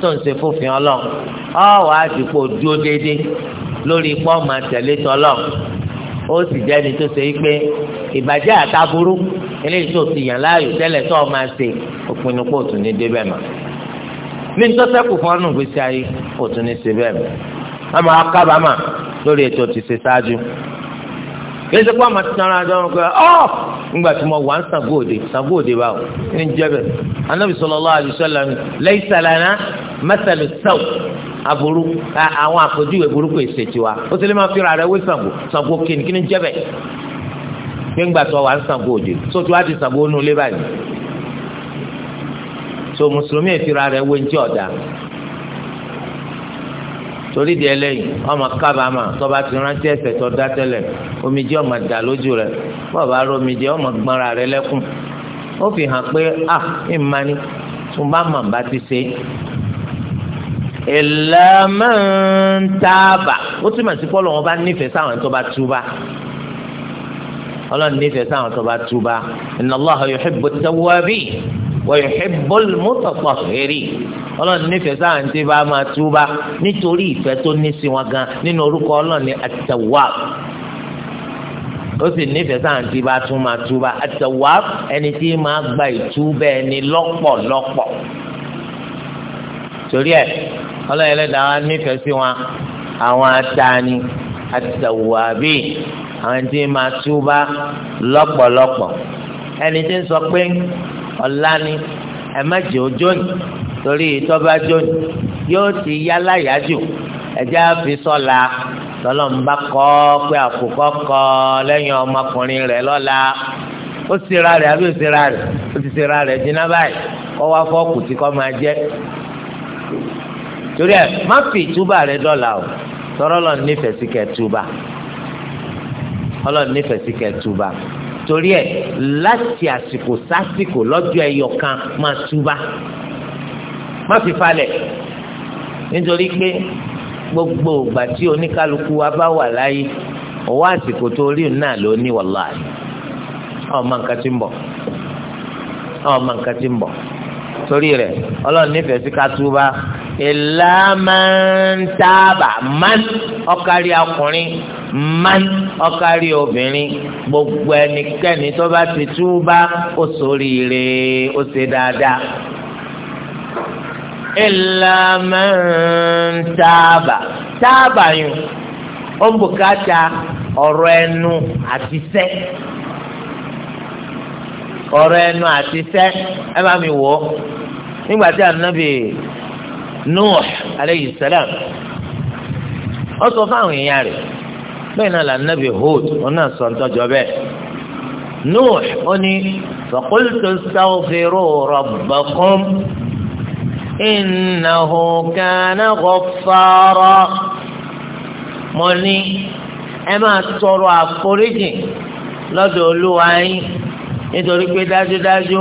tó ń ṣe fòfin ọlọ́run ó wà á dìpọ̀ dúró déédéé lórí pọ́ máa tẹ̀lé tọ́lọ̀ ó sì jẹ́ni tó ṣe pé ìbàjẹ́ àtaburú eléyìí tó ti yàn láàyò tẹ́lẹ̀ tó o máa ṣe òpinnu pò tún ní débẹ̀ mọ́ ní ntọ́sẹ́kù fún ọ́nù gbèsè ayé kò tún ní ṣe bẹ́ẹ̀ mọ́ àmọ́ akábàámà lórí ètò ti ṣe ṣáájú kìí ṣe pé àmọ́ ti sanra àjọ ọ̀hún pé ọ́ nígbà tí mo wà ń Ṣàngó Òde Ṣàngó Òde báwo ní jẹ́bẹ̀ anábì sallallahu alaihi wasallam laysa lana masalu sawu aburú àwọn àpèjúwe burúkú èsè tiwa ó sì lè máa fira rẹ wé Ṣàngó Ṣàngó kìnnìkìnnì jẹ́bẹ̀ nígbà tí wọ́n wà ń Ṣàngó Òde sótú á ti Ṣàngó báyìí so mùsùlùmí ìfira rẹ̀ wé ntí ọ̀dà torí di ẹlẹ́yìn ọmọ kábàámà tọ́ba ti rántí ẹsẹ̀ tó dá tẹ́lẹ̀ omijé ọmọ dà lójú rẹ̀ bọ́ọ̀bá rọ omijé ọmọ gbọ́nra rẹ̀ lẹ́kùn ó fi hàn pé à ń mani tún bá màá bá ti ṣe ìlàmẹ́ntàbà ó ti mà sí pé Ọlọ́run bá nífẹ̀ẹ́ sáwọn tó bá túbà Ọlọ́run nífẹ̀ẹ́ sáwọn tó bá túbà inna Allaha yuhibbu at-tawwabin wọ́n yuhibbul mutatahhirin ọlọ́run nífẹ̀ẹ́ sáà ń tẹ́ bá máa túbá nítorí ìfẹ́ tó ní sí wọn gan nínú orúkọ ọlọ́run ní at-tawwab ó sì nífẹ̀ẹ́ sáà ń tẹ́ bá tún máa túbá at-tawwab ẹni tí máa gba ìtúbẹ̀ ẹni lọ́pọ̀lọpọ̀ torí ẹ ọlọ́run ẹlẹ́dàá nífẹ̀ẹ́ sí wọn àwọn atani at-tawwabin àwọn tí máa túbá lọ́pọ̀lọpọ̀ ẹni tí ń sọ pé ọ̀la ni ẹ má jẹ́ ojó ni torí tọ́ba jó ni yóò ti yá láyàájú ẹ̀jẹ̀ àfi sọ́la lọ́lọ́mùbá kọ́ pé àkókò kọ́ lẹ́yìn ọmọkùnrin rẹ̀ lọ́la ó sera rẹ̀ àbí ó sera rẹ̀ ó ti sera rẹ̀ jiná báyìí kọ́ wá fọ́ọ̀kù tí kọ́ máa jẹ́ torí ẹ má fi ìtúbà rẹ dọ́là o tọ́rọ́ lọ́ọ̀ nífẹ̀ẹ́ sí kẹ́ẹ̀ túbà ọlọ́ọ̀ nífẹ̀ẹ́ sí túbà. torí ẹ láti àsìkò sásìkò lọ́jọ́ ẹyọ kan máa túbá má fi falẹ̀ nítorí pé gbogbo ìgbà tí oníkálukú wa bá wà láyé ọwọ́ àsìkò tó rí náà ló ní wàláhì ọmọ nǹkan tí ń bọ̀ ọmọ nǹkan tí ń bọ̀ torí rẹ̀ ọlọ́run nífẹ̀ẹ́ sí ká túbá ìlà máa ń tábà máa ń ọkàrí ọkùnrin man ọkàrí obìnrin gbogbo ẹnikẹni tó bá ti túbá ó ṣoríire ó ṣe dáadáa. ìlànà táàbà táàbà yìí ó ń bùkátà ọ̀rọ̀ ẹnu àti sẹ́ ọ̀rọ̀ ẹnu àti sẹ́ ẹ bá mi wọ̀ ọ́ nígbà tí ànábì sọ fáwọn èèyàn rẹ̀. bẹ́ẹ̀ náà là nàbì Hud wọn náà sọ ntọ́jọ́ bẹ́ẹ̀ Nuh ó ní faqultu astaghfiru rabbakum innahu kana ghaffara mo ní ẹ máa tọrọ àforíjì lọ́dọ̀ olúwa yín nítorí pé dájúdájú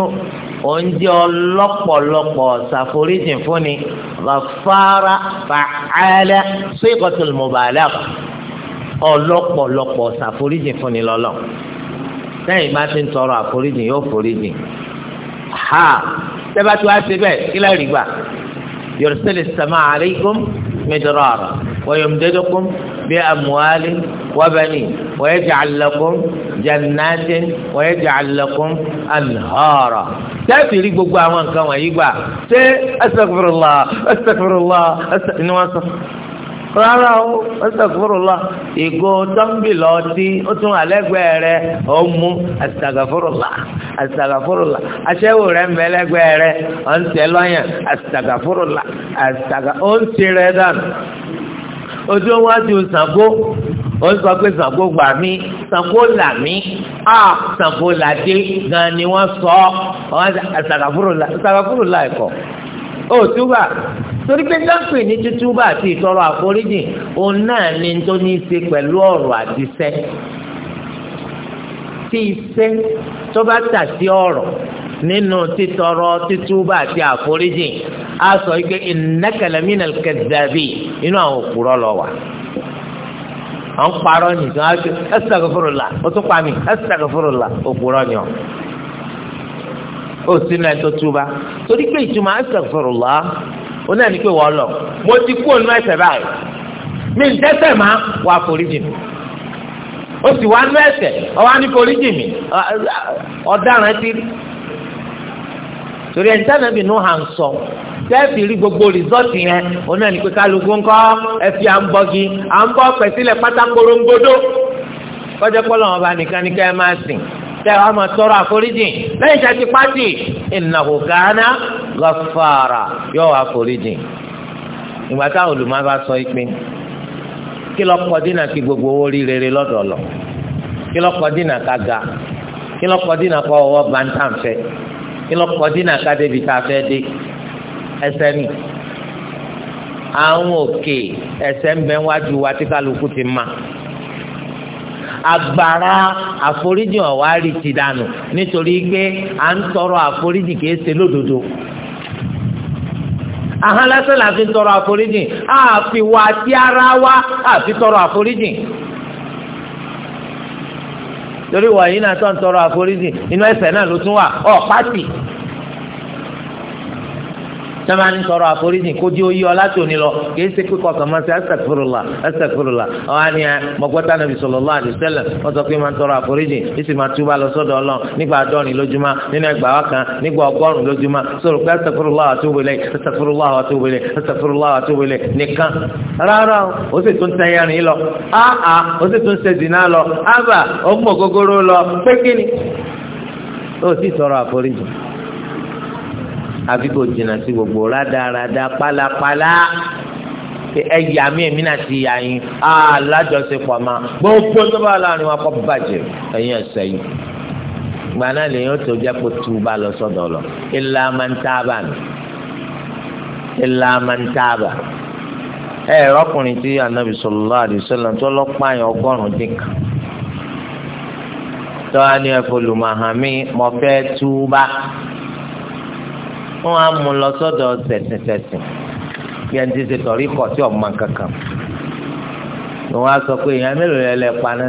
òun jẹ́ ọlọ́pọ̀lọpọ̀ ṣàforíjì fúnni ghaffara fa'ala siqatul mubalagha ọlọ́pọ̀lọpọ̀ ṣàforíjì fún ni lọ́lọ́ sẹ́yìn bá ti ń tọrọ àforíjì yóò foríjì ha tẹ́bá tí wàá ṣe bẹ́ẹ̀ kí lẹ́rìí gbà yorùsẹ́lẹ̀ sàmà àríkùm mẹdọ̀rọ̀rọ̀ wọ́yọ̀mùdẹ́dọ́kùm bí amúhálì wọ́bẹ̀ni wọ́yẹ̀jàlẹ́kùm jannatin wọ́yẹ̀jàlẹ́kùm anhọ́rọ̀ tẹ́ẹ̀fìrí gbogbo àwọn nǹkan wọ̀nyí gbà ṣé astaghfirullah astaghfirullah ni wọ́n sọ. rárá o astagfurullah ìgò tọ́ḿbìlì ọtí ó tún àlẹ́gbẹ̀ẹ́ rẹ ó mú astagfurullah astagfurullah aṣẹ́wò rẹ ń bẹ lẹ́gbẹ̀ẹ́ rẹ ó ń tẹ lọ́yàn astagfurullah astaga ó ń ti rẹ dànù sọ pé gbà mí a Ṣàngó là dé gan ni wọ́n sọ ọ́ ó túbà torí pé dáńpé ní tútúbà àti ìtọrọ àforíjì òun náà ni tó ní í ṣe pẹ̀lú ọ̀rọ̀ àti iṣẹ́ tí iṣẹ́ tó bá tà sí ọ̀rọ̀ nínú títọrọ títúbà àti àforíjì á sọ wípé ìnákàlámínà kẹdàbí inú àwọn òpùrọ̀ lọ wà à ń parọ́ nìkan á ṣe astaghfirullah ó tún pa mí astaghfirullah òpùrọ̀ ni ọ̀ ó sínú ẹ̀ tó túba torí pé ìtumọ̀ astaghfirullah ó náà ní pé wọ́n lọ mo ti kú ònú ẹ̀ṣẹ̀ báyìí mi ń dẹ́ṣẹ̀ máa wà foríjì mi ó sì wá nú ẹ̀ṣẹ̀ ọwọ́ ní foríjì mi ọ̀daràn ti rí torí ẹni tí ànábì nù hàn sọ tẹ́ẹ̀fì rí gbogbo rìsọ́ọ̀tì yẹn ó náà ní pé kálukú ńkọ́ ẹ fi à ń bọ́gi à ń bọ́ pẹ̀sílẹ̀ pátákó rongodo kọjá pọ́lọ́ wọn bá nìkan ní ká ẹ máa sìn tẹ wàá máa tọrọ àforíjì lẹ́yìn tí a ti pàtì innahu kana ghaffara yóò àforíjì ìgbà táwọn olùmọ̀ bá sọ ìpín kí lọ kọ dínà kí gbogbo owó rí rere lọ́dọ̀ lọ kí lọ kọ dínà ká ga kí lọ kọ dínà kọ ọwọ́ bantam kí lọ kọ dínà ká débi tá a fẹ́ dé ẹsẹ̀ nì àwọn òkè ẹsẹ̀ ń bẹ wájú wa tí kálukú ti máa. Agbara àforíjì ọ̀wá rí ti dànù nítorí pé à ń tọrọ àforíjì kìí ṣe lódodo àhán lásán là fi tọrọ àforíjì wa tí ara wa àfi tọrọ àforíjì torí wàyí náà tó ń tọrọ àforíjì inú ẹsẹ̀ náà ló tún wà ọ̀ pátì. sábà ní sọ̀rọ̀ àforíjì kó di oyé ọ láti òní lọ kì í ṣe pé kọkàn máa ṣe astaghfirullah astaghfirullah ọ̀hán ni ẹ mọ̀gbọ́tà nàbì sallallahu alaihi wasallam wọ́n sọ pé máa ń tọrọ àforíjì ìsì máa túbà lọ sọ́dọ̀ ọlọ́ nígbà àádọ́rin lójúmọ́ nínú ẹgbàá wa kan nígbà ọgọ́rùn lójúmọ́ sọ̀rọ̀ pé astaghfirullah atubu ilayh astaghfirullah atubu ilayh astaghfirullah atubu ilayh nìkan rárá o sì tún tẹ àfi kò jìnnà sí gbogbo rádaràda pálapàla ẹ yà mí èmi náà ti yà yín alájọṣepọ̀ ma gbogbo tó bá láàrin wọn kọ́ bàjẹ́ ẹ̀yin ẹ̀sẹ̀ yìí gba náà lèyìn tó jẹ́ kó tu bá lọ sọ́dọ̀ lọ ilà máa ń tábà ni ilà máa ń tábà ẹ ọkùnrin tí anabi sallallahu alaihi wasallam tó lọ pààyàn ọgọ́rùn-ún dín kan tọ́wá ní ẹ̀fọ́ lùmọ̀ hàn túbà wọ́n á mú lọ sọ́dọ̀ sẹ̀sìnsẹ̀sìn bí ẹni tí ṣe tọ̀rí kọ̀ tí ọ̀ma kankan ni wọ́n á sọ pé èèyàn mélòó lẹ́lẹ́ paná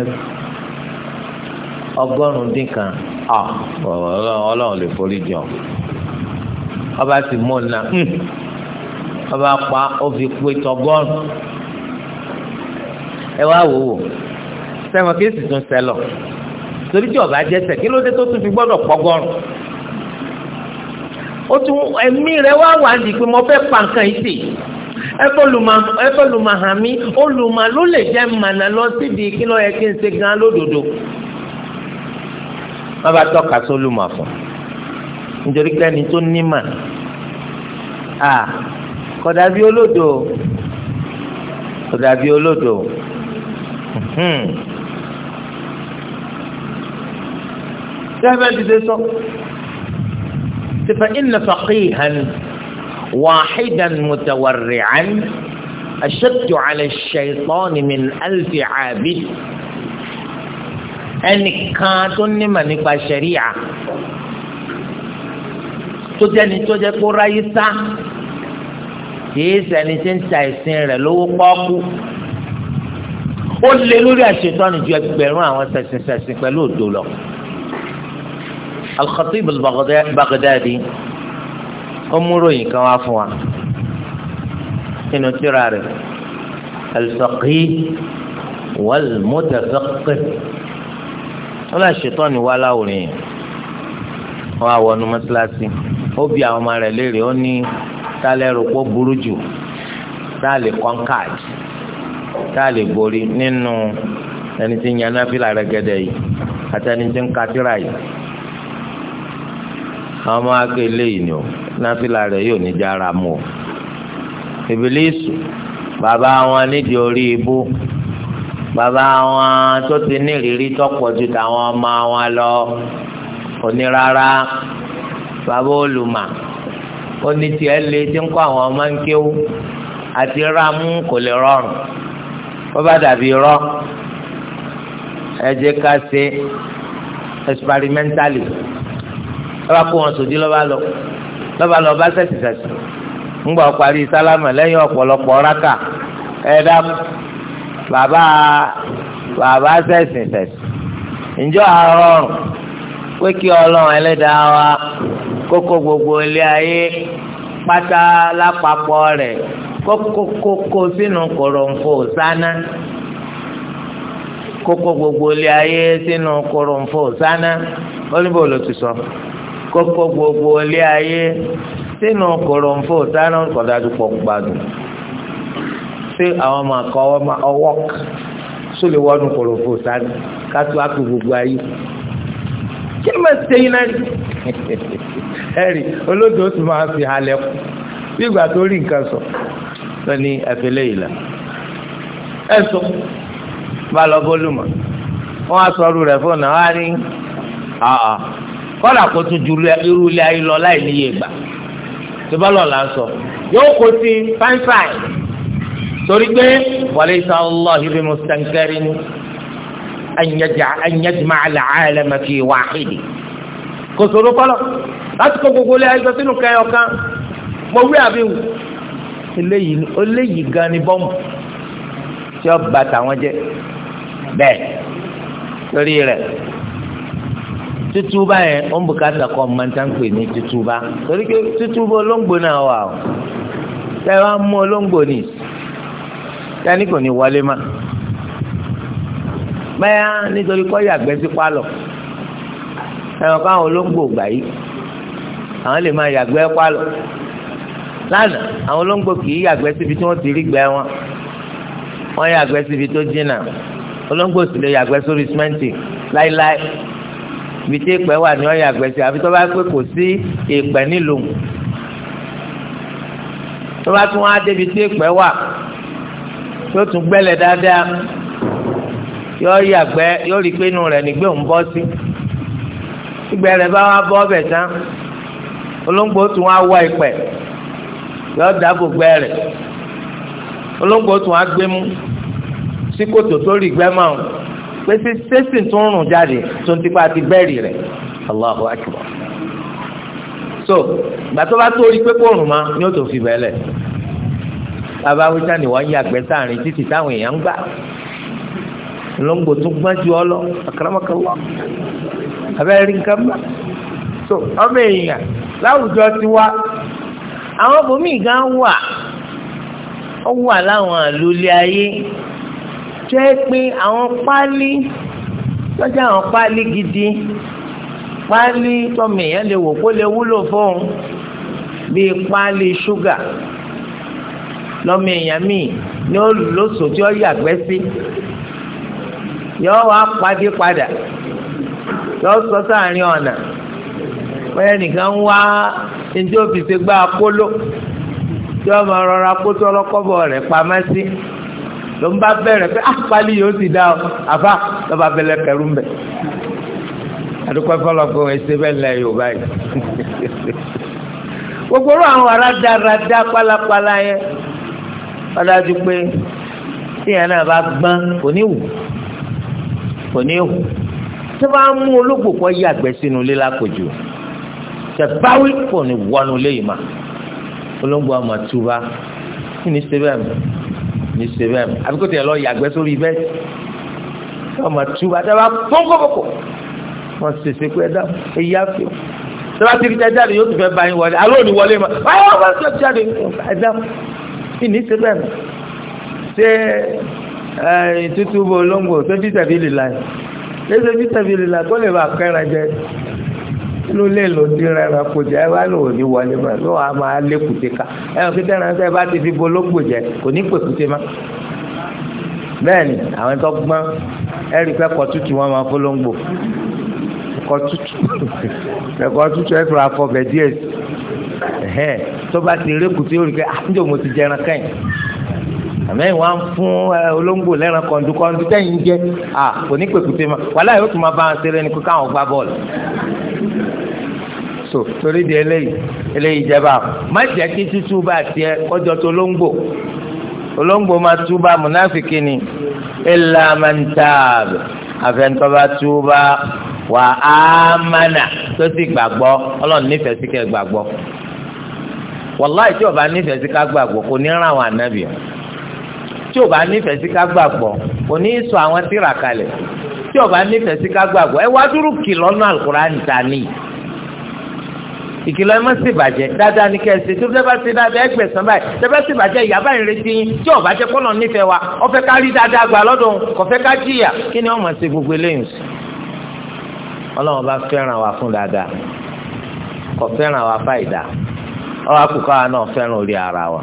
ọgọ́rùn-ún dín kan ọlọ́run lè forí jọ ọba sì mú un náà hmm. ọba pa ó fi pé tọgọ́rùn-ún ẹ wá wò wò sẹ́wọ̀n kí èsì tún sẹ́lọ̀ torí tí ọba jẹ́sẹ̀ kí ló dé tó tún fi gbọ́dọ̀ pọ́gọ́rùn ó tún ẹ̀mí rẹ̀ wá wà dì pé mo fẹ́ pa nǹkan yìí sí ẹfẹ́ lùmọ̀ hàn mí olùmọ̀ ló lè jẹ́ mànà lọ síbi kí ló yẹ kí n ṣe gan lódodo wọ́n bá tọ́ka sólùmọ̀ fún nítorí pé ẹni tó ní mà á kódà bí olódo kódà bí olódo gẹ́gẹ́ ti ṣe sọ. فإن فقيها واحدا متورعا أشد على الشيطان من ألف عابد أن كاتن من فشريعة تجني تجني قريسة كيس أن تنسايسين لو قاقو قل للولي الشيطان جيب بيرون وستسسسين فلو دولو al-Khatib al-Baghdadi ó mú ròyìn kan wá fún wa nínú tírà rẹ̀ al-Faqih wal-Mutafaqqih wọn lè ṣètò ní wàhálà òrìn wọn á wọnú mọ́sálásí ó bi àwọn ọmọ rẹ̀ léèrè ó ní tálẹ̀ rò pé ó burú jù tá a lè kọ́ńkàd tá a lè borí nínú ẹni tí ń yan náfìlà rẹ̀ gẹ́dẹ̀ yìí àti ẹni tí ń ka tírà yìí àwọn ọmọ akẹ́ eléyìí ni o náfìlà rẹ̀ yóò ní jára mu o ìbílísù bàbá wọn nídìí orí ibú bàbá wọn tó ti ní ìrírí tọ́pọ̀ ju tàwọn ọmọ wọn lọ onírárá bàbá olùmọ̀ ó ní tiẹ̀ lé tí ń kọ́ àwọn ọmọ ń kéwú àti rámú kò lè rọrùn ó bá dàbí rọ ẹ jẹ́ ká ṣe experimentally. lọ́ba kó wọn sòdí lọba lọ lọba lọ bá sẹ̀sì sẹ̀sì ńgbà parí sálámà lẹ́yìn ọpọlọpọ rákà ẹ bàbá bàbá sẹ̀sì sẹ̀sì ǹjọ́ àárọ̀rùn pé kí ọlọ́run ẹlẹ́dàá wa kókó gbogbo ilé ayé pátá lápapọ̀ rẹ̀ kókókókó sínú kòròǹfò gbogbo ilé ayé sínú kòròǹfò sáná ó kọ́kọ́ gbogbo ilé ayé sínú kòròǹfò táná kọ̀dájú pọ̀ gbádùn ṣé àwọn ọmọ akọ ọwọ́ tó lè wọ́nu kòròǹfò táná kátó ápè gbogbo ayé kí ló máa ṣe yín náà rí <laughs> ẹ̀rí olódò tó máa fi halẹ̀ kù bí ìgbà tó rí nǹkan sọ lọ ní ẹ̀fẹ̀lẹ̀ ìlà ẹ̀sùn bá lọ bólúmọ̀ wọ́n á sọ ọrú rẹ̀ fóònù àwọn á ní àà kọ́là kó tún ju irú ilé ayé lọ láì níye gbà tí bọ́lọ̀ là ń sọ yóò kó sí fáínfáìn torí pé wàlẹ́ isa allah ibi mustankari ni anyajima ala alama fi wàhídì kò sóró kọ́lọ̀ láti kó gbogbo ilé ayé lọ kẹyọ kan mo wí àbí eléyìí gan ni bọ́mù tí ó bàtà wọn jẹ bẹ́ẹ̀ torí rẹ̀ títúbà yẹn ó kata bùkátà kọ́ mọ̀ntánpẹ̀ ní títúbà torí pé títúbà olóńgbò náà wà o tẹ́ wàá mú olóńgbò ní tẹ́ni kò ní wọlé má bẹ́ẹ̀ nítorí kọ́ yàgbẹ́ sí pálọ̀ ẹ̀rọ káwọn olóńgbò gbà yìí àwọn lè máa yàgbẹ́ pálọ̀ lánàá àwọn olóńgbò kì í yàgbẹ́ síbi tí wọ́n ti rí gbẹ́ wọn wọ́n yàgbẹ́ síbi tó jìnnà olóńgbò sì lè yàgbẹ́ sórí símẹ́ǹtì láíláí ibi tí èpè wà ní ọ̀yà àgbẹ̀sì àfi tó bá pé kò sí èpè nílùú tó bá tún wá débi tí èpè wà tó tún gbẹ́lẹ̀ dáadáa yọ yàgbẹ́ yóò rí pé inú rẹ̀ nígbẹ́ òun bọ́ sí ìgbẹ́ rẹ̀ bá wá bọ́ ọbẹ̀ tán olóńgbò tún wá wá ìpè yọ dáàbò gbẹ́ rẹ̀ olóńgbò tún wá gbé mú sí kòtò tó rí gbẹ́ mọ́ pé sẹ́sìn tó ń rùn jáde tó ń tipa ti bẹ́ẹ̀rì rẹ̀ Allahu akbar so gbà tó bá tó rí pé kò rùn ma ni ó tó fi bẹ́ẹ̀ lẹ̀ bàbá wíjà ni wọ́n yí àgbẹ̀ sáàrin títí táwọn èèyàn ń gbà lóńgbò tó gbọ́n ju ọ lọ àkàràmọ́kàlọ́ abẹ́rẹ́ rí nǹkan bá so ọmọ èèyàn láwùjọ ti wá àwọn bòmíì gan wà ó wà láwọn àlùlẹ̀ ayé tó yẹ pé àwọn páálí lọ́jà àwọn páálí gidi páálí tọ́mọ èèyàn lè wò kó lè wúlò fóun bíi páálí ṣúgà lọ́mọ èèyàn míì ní olùlóṣò tí ó yàgbẹ́ sí yọ wá padì padà yọ sọ sáàrin ọ̀nà bẹ́ẹ̀ nìkan ń wá njẹ́ òfìsè gbá apóló tí wọ́n máa rọra kótó ọlọ́kọ́bọ̀ rẹ̀ pamẹ́ sí ló ń bá bẹ̀rẹ̀ pé àpálí ah, yóò sì dá àfá lọ́ba bẹ̀lẹ̀ kẹrù ń bẹ̀ àdúpẹ́ fọlọ́pọ̀ ẹsẹ̀ bẹ́ẹ̀ lẹ yorùbá yìí <laughs> gbogbo ọ̀rọ̀ àwọn aradarada pálapàla yẹn ọ̀dájú pé tíyẹn náà bá gbọ́n kò ní wù kò ní wù tí wọ́n á mú olóògbò yí àgbẹ̀ sínú ilé lákòjò tẹ̀báwí kò ní wọnú léyìí mà olóńgbò àmọ̀túbá kí ni ṣe bẹ́ẹ̀ mọ́ ní ṣe bẹ́ẹ̀ mi àbí kò tẹ̀ lọ yàgbẹ́ sórí bẹ́ẹ̀ tí wọ́n máa tú bàtà bá pọ́npọ́pọ́pọ́ wọ́n ṣe ṣe pé ẹ̀dá ẹ̀yà fi sọ́wọ́n ti rí tẹ́ jáde yóò tún fẹ́ bá yín wọlé àlọ́ òní wọlé ma báyọ̀ wọ́n ṣe jáde ẹ̀dá ìní ṣe bẹ́ẹ̀ mi ṣe ìtútù bo olóńgbò ṣe bí tẹ̀bí lè la ṣe bí tẹ̀bí kó lè bá kẹ́ra jẹ ló lè lò ní rẹran kojá ẹ wá lò ní wọlé mọ ló wàá máa lé kùté ká ẹ ò kí tẹ́ran sẹ́ bá ti fi bo lógbòjẹ kò ní pè kùté má. bẹ́ẹ̀ni àwọn tó gbọ́n ẹ rí pé kọ wọn máa kọ ẹ fura ẹhẹn tó bá ti rí kùté ó rí pé ah, mo ti àmẹ́yìn wá ń fún olóńgbò ma tún máa bá ṣeré ni kó so torí di eléyìí eléyìí jẹba má jẹ́ kí títú bá tiẹ̀ kọjọ tó lóńgbò olóńgbò máa túbà múnáfìkì ni illa man taab àfẹnutọ́ba túbà wà á mánà tó sì gbàgbọ́ ọlọ́run nífẹ̀ẹ́ sí kẹ́ gbàgbọ́ wàláì tí o bá nífẹ̀ẹ́ sí ká gbàgbọ́ kò ní ràn àwọn ànábìà tí o bá nífẹ̀ẹ́ sí ká gbàgbọ́ kò ní sọ àwọn tírà kalẹ̀ tí o bá nífẹ̀ẹ́ sí ká gbàgbọ́ ẹ wá dúró kìlọ́nù àlùkùránì ta ni. ìkìlọ̀ ẹ má ṣe bàjẹ́ dáadáa ní kẹsì tó bẹ́ẹ̀ bá ṣe dáadáa ẹgbẹ̀sán báyìí ṣe bàjẹ́ ìyá báyìí yín tí ọ̀bá jẹ́ kọ́nà nífẹ̀ẹ́ wa ọ̀fẹ́ ká rí dáadáa gbà lọ́dún gbogbo eléyìí sí. ọlọ́run bá wa fún dáadáa kò fẹ́ràn wa fáìdá ọ wá wa náà fẹ́ràn orí ara wa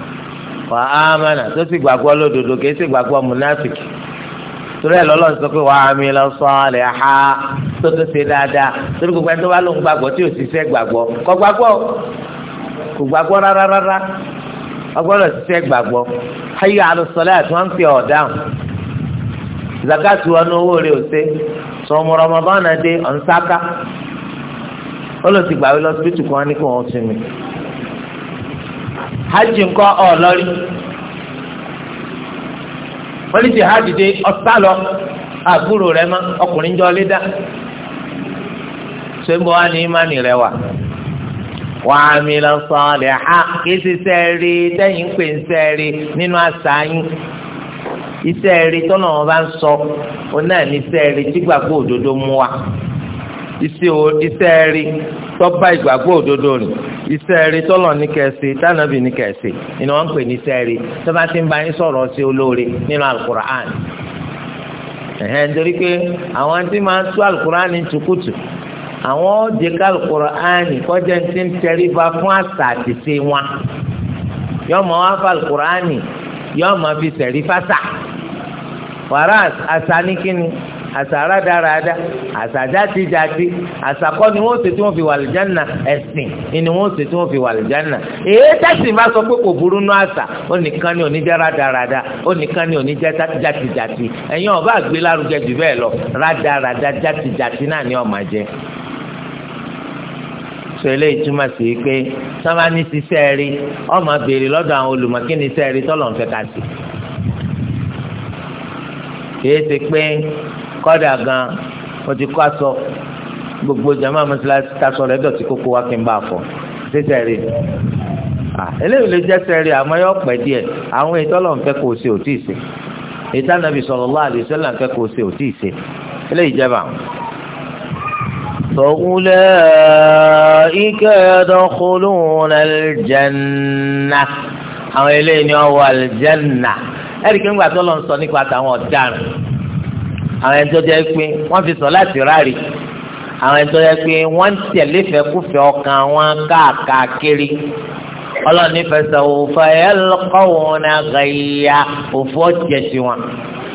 wà á mẹ́nà tó sì gbàgbọ́ lódodo kì í sì gbàgbọ́ torí ẹ lọ́lọ́ sọ pé wàá mi lọ sọ ha tó tó ṣe dáadáa torí gbogbo ẹni tó bá ló gbàgbọ́ tí ò sì gbàgbọ́ kọ́ gbàgbọ́ kò gbàgbọ́ rárá rárá ọgbọ́dọ̀ sì gbàgbọ́ ayé alùsọ̀lẹ̀ àti wọ́n ń pè ọ̀ dáhùn owó ò ṣe dé lọ ní sinmi wọ́n ní jihad dé ọ̀sá lọ àbúrò rẹ̀ mọ́ ọkùnrin jọ lé dá sẹ́ńbọ̀ wá ní ìmánì rẹ̀ wà wàmìlà sọ̀lẹ̀ ha kì í ṣe sẹ́ẹ̀rì tẹ́yìn pé ń sẹ́ẹ̀rì nínú àṣà yín iṣẹ́ rí tọ́nà wọn bá ń sọ ọ náà ní sẹ́ẹ̀rì tí gbàgbọ́ òdodo mú wa iṣẹ́ rí tọ́ba ìgbàgbọ́ òdodo rìn iṣẹ́ rí tọ́lọ̀ ní kẹsì tánàbì ní kẹsì ni wọ́n ń pè ní iṣẹ́ rí tọ́ba ti ń bá yín sọ̀rọ̀ sí olóore nínú alukur'an ẹ̀hẹ́n nítorí pé àwọn tí máa ń tú alukur'an tukutu àwọn jẹ́ká alukur'an kọjá ti ń tẹríba fún àṣà àtìsí wọn yọ́ọ́ mọ̀ wá fa alukur'an yọ́ọ́ mọ̀ fi sẹ̀rí fásà wàrà àṣà ní kíni àṣà àràdáradá àṣà jáde-jáde àṣà kọ́ ni wọ́n ṣe tí wọ́n fi wà lìjánà ẹ̀sìn ni wọ́n ṣe tí wọ́n fi wà lìjánà èyí tẹ̀sìn bá sọ pé kò burú nú àṣà ó nìkan ni òní jẹ́ rádaràda ó nìkan ni òní jẹ́ jáde-jáde ẹ̀yin ọba àgbé jù bẹ́ẹ̀ lọ rádaràda jáde-jáde náà ni ọmọ jẹ sọ eléyìí túmọ̀ sí pé sábà ní sísẹ́ ọmọ béèrè lọ́dọ̀ àwọn olùmọ̀ kí ni sẹ́ rí tọ́lọ̀ ń fẹ́ ká sí kìí ṣe pé kọ́dà gan mo ti kọ́ aṣọ gbogbo jama mọ́sálásí taṣọ rẹ̀ dọ̀tí kókó wá kí n bá a fọ ṣẹṣẹ rí eléyìí lè jẹ́sẹ̀ rí àmọ́ yọ pẹ́ díẹ̀ àwọn ètò ọlọ́nfẹ́ kò ṣe òtí ṣe ètò ànábì sallallahu alaihi wasallam kò ṣe òtí ṣe eléyìí jẹba. فأولئك يدخلون الجنة àwọn eléyìí ni wọ́n wọ àlìjẹ́nà ẹ̀rí kí n gbà sọ nípa àtàwọn ọ̀daràn àwọn ẹni tó jẹ́ pé wọ́n fi sọ láti ráàrí àwọn ẹni tó jẹ́ pé wọ́n ń tẹ̀lé fẹ́kúfẹ́ ọkàn wọn káàkiri ọlọ́ọ̀ni fẹsẹ̀ òfò ẹ̀ lọ́kọ̀wọ́n náà gàyà òfò ọ̀jẹ̀ sí wọn.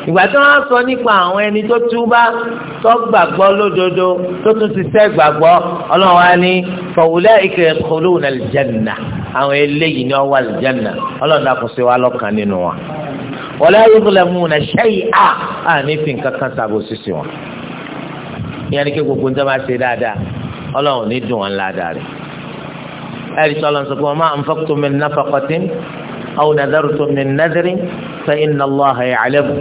ìgbà tí wọ́n sọ nípa àwọn ẹni tó túbá tó gbàgbọ́ lódodo tó tún ti sẹ́ gbàgbọ́ ọlọ́run wa ní fọwọ́lẹ́ ìkẹyẹ kọlóhùn aljanna àwọn eléyìí ni wọ́n wà aljanna ọlọ́run náà kò sí wa lọ́kàn nínú wọn wala yuzlamuna shay'a àní fi nǹkan kan sàbò sísè wọn ìyẹn ni kí gbogbo ń sábà ṣe dáadáa ọlọ́run ní dùn wọn ládàá rẹ̀ ẹ̀rí sọ̀rọ̀ sọ pé wa ma anfaqtum min nafaqatin aw nadhartum min nadhrin fa inna Allaha ya'lamu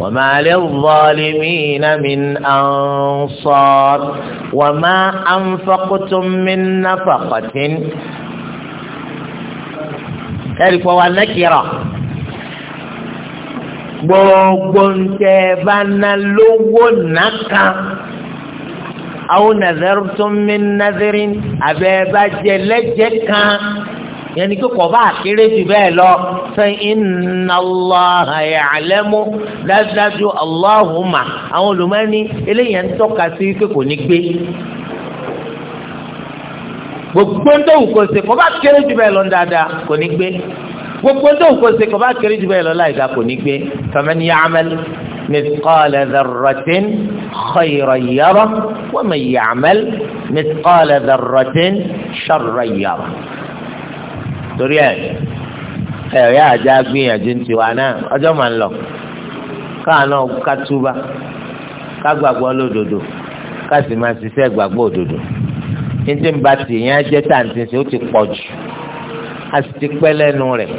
wa ma lil-zalimina min ansar wa ma anfaqtum min nafaqatin ẹ̀rí pọ̀ wà nakira gbogbo ntẹ bá ná lówó nàka àwọn nàzẹrù tó ń mi nàzẹrì àbẹ bá jẹ lẹjẹ kan yẹn ni kíkọ bá kéré jù bẹ́ẹ̀ lọ fẹ́ inna Allah ya'lamu dájúdájú Allahumma àwọn olùmọ́ni eléyìí ń tọ́ka sí kíkọ ní gbé gbogbo ń wù kó ṣe kó bá kéré jù bẹ́ẹ̀ lọ dáadáa kò ní gbé gbogbo tó ń kó ṣe kò bá kéré jù bẹ́ẹ̀ lọ láì dá kò ní gbé faman ya'mal mithqala dharratin khayran yarah wa man ya'mal mithqala dharratin sharran yarah. torí ẹ ẹ ọ̀yá àjá gbìyànjú tiwa náà ọjọ́ máa ń lọ káà náà ká túbà ká gbàgbọ́ lódodo ká sì máa ṣiṣẹ́ gbàgbọ́ òdodo ní tí ń ba tìyàn jẹ́ tàǹtí ṣe ó a sì ti pẹ́ lẹ́nu rẹ̀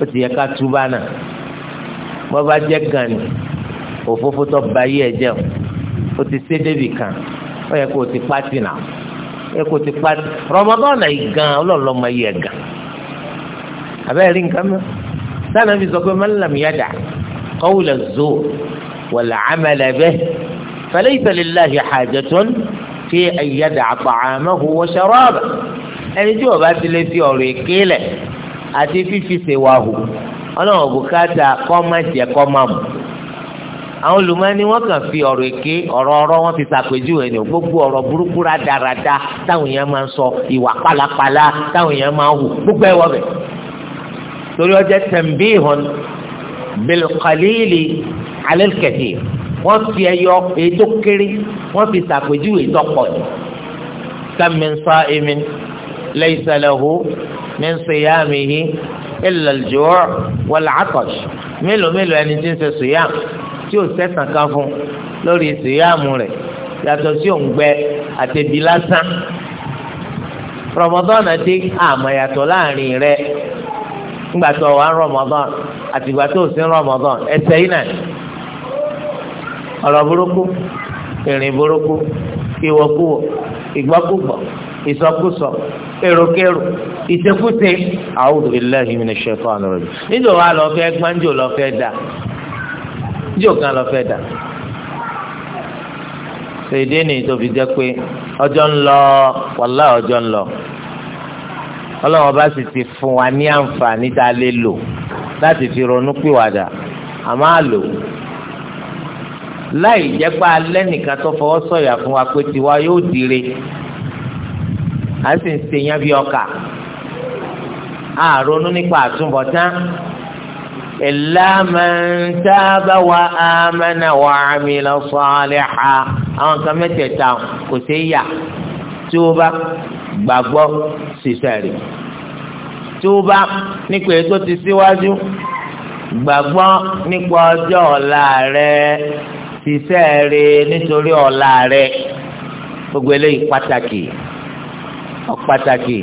ó ti yẹ ká túbá náà bọ́ bá jẹ́ gan ni òfófó tó ba yí ẹ jẹ́ o ti sé débì kan ó yẹ kó o ti pàtì náà ó yẹ kó o ti pàtì Ramadan náà gan ọlọ́ọ̀lọ́ ma yí ẹ gan abẹ́rẹ́ rí nǹkan mọ́ sáà nàbí sọ pé man lam yada qawla az-zur wal amala bihi falaysa lillahi hajatun fi an yada'a ta'amahu wa sharabahu ẹni tí ó bá ti lè fi ọ̀rọ̀ èké lẹ̀ àti fífi ṣèwà hù ọlọ́run bùkátà kọ́ má jẹ kọ́ má mu àwọn olùmọ̀ọ́ni wọ́n kàn fi ọ̀rọ̀ èké ọ̀rọ̀ ọ̀rọ̀ wọn fi ṣàpèjúwe ni gbogbo ọ̀rọ̀ burúkú rádaràda táwọn èèyàn máa ń sọ ìwà pálapàla táwọn èèyàn máa ń hù gbogbo ẹ̀wọ̀ bẹ̀ torí ọjọ́ tẹ̀m̀bí ìhàn bilkalili alẹ́kẹ̀tì wọ́n fi ẹyọ ètò kéré wọ́n fi ṣàpèjúwe tọ́pọ̀ ni sàmìnsá emin laysa lahu min siyamihi illa al-ju' wal-'atash mélòó mélòó ẹni tí ń ṣe siyam tí ò sẹ́sàn kan fún lórí siyamu rẹ̀ yàtọ̀ sí òǹgbẹ àtẹ̀bí lásán rọmọdọ́nà dé àmọ́ yàtọ̀ láàrin rẹ̀ ńgbà tó wà ń rọmọdọ́n àtìgbà tó sí ń rọmọdọ́n ẹsẹ̀ yìí nà ọ̀rọ̀ burúkú ìrìn burúkú ìwọ̀kúwọ̀ ìgbọ́kúgbọ̀ ìsọkúsọ èròkérò ìṣekúṣe a'udhu billahi minash shaitanir rajim níjọ wa lọ fẹ gbọ́njọ lọ fẹ dà níjọ kan lọ fẹ dà ṣèdí ni tó fi jẹ́ pé ọjọ́ ń lọ wàlá ọjọ́ ń lọ ọlọ́run ọba sì ti fún wa ní àǹfààní tá a lè lò láti fi ronú pìwàdà àmọ́ àlò láì jẹ́ pé alẹ́ nìkan tó fọwọ́ sọ̀yà fún wa pé tiwa yóò dire à ń sì ń ṣe yẹn bí ọkà àrònú nípa àtúbọ̀tán illa man taba wa amana wa amila salihan àwọn kan mẹ́tẹ̀ẹ̀ta kò sí yà tí ó bá gbàgbọ́ ṣiṣẹ́ rẹ̀ tí ó bá nípa ètò ti síwájú gbàgbọ́ nípa ọjọ́ ọ̀la rẹ̀ ṣiṣẹ́ rẹ̀ nítorí ọ̀la rẹ̀ gbogbo eléyìí pàtàkì pàtàkì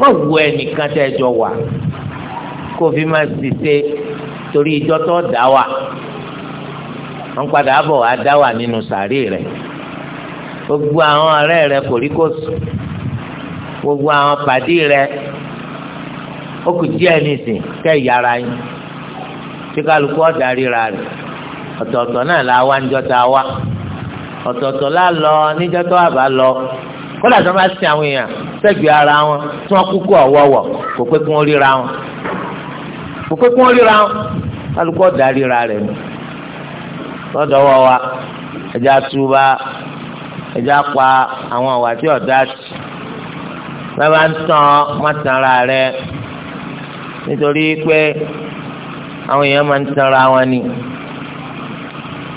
wọ́n wù ẹnìkan tẹ́ ẹ jọ wà kó fi máa ṣiṣẹ́ torí ìjọ tó dá wà wọ́n padà bọ̀ wá dá wà nínú sàárè rẹ̀ gbogbo àwọn ọ̀rẹ́ rẹ̀ kò rí kò sùn gbogbo àwọn pàdé rẹ̀ ó kù díẹ̀ nìsín kẹ́ ìyára yín tí kálukú ọ̀dà ríra rẹ̀ ọ̀tọ̀ọ̀tọ̀ náà la wá níjọ́ tá a wá ọ̀tọ̀ọ̀tọ̀ la lọ níjọ́ tó àbá lọ kọ́lá tó máa sin àwọn èèyàn sẹ́gbẹ̀ẹ́ ara wọn tí wọ́n kúkú ọ̀wọ́wọ́ kò pé kí wọ́n ríra wọn kò pé kí wọ́n ríra wọn kálukú ọ̀dà ríra rẹ̀ ni lọ́dọ̀ wọ́ wa ẹja túba ẹja pa àwọn àwà tí ọ̀dà sí bàbá ń tàn má tanra rẹ̀ nítorí pé àwọn èèyàn máa ń tanra wọn ni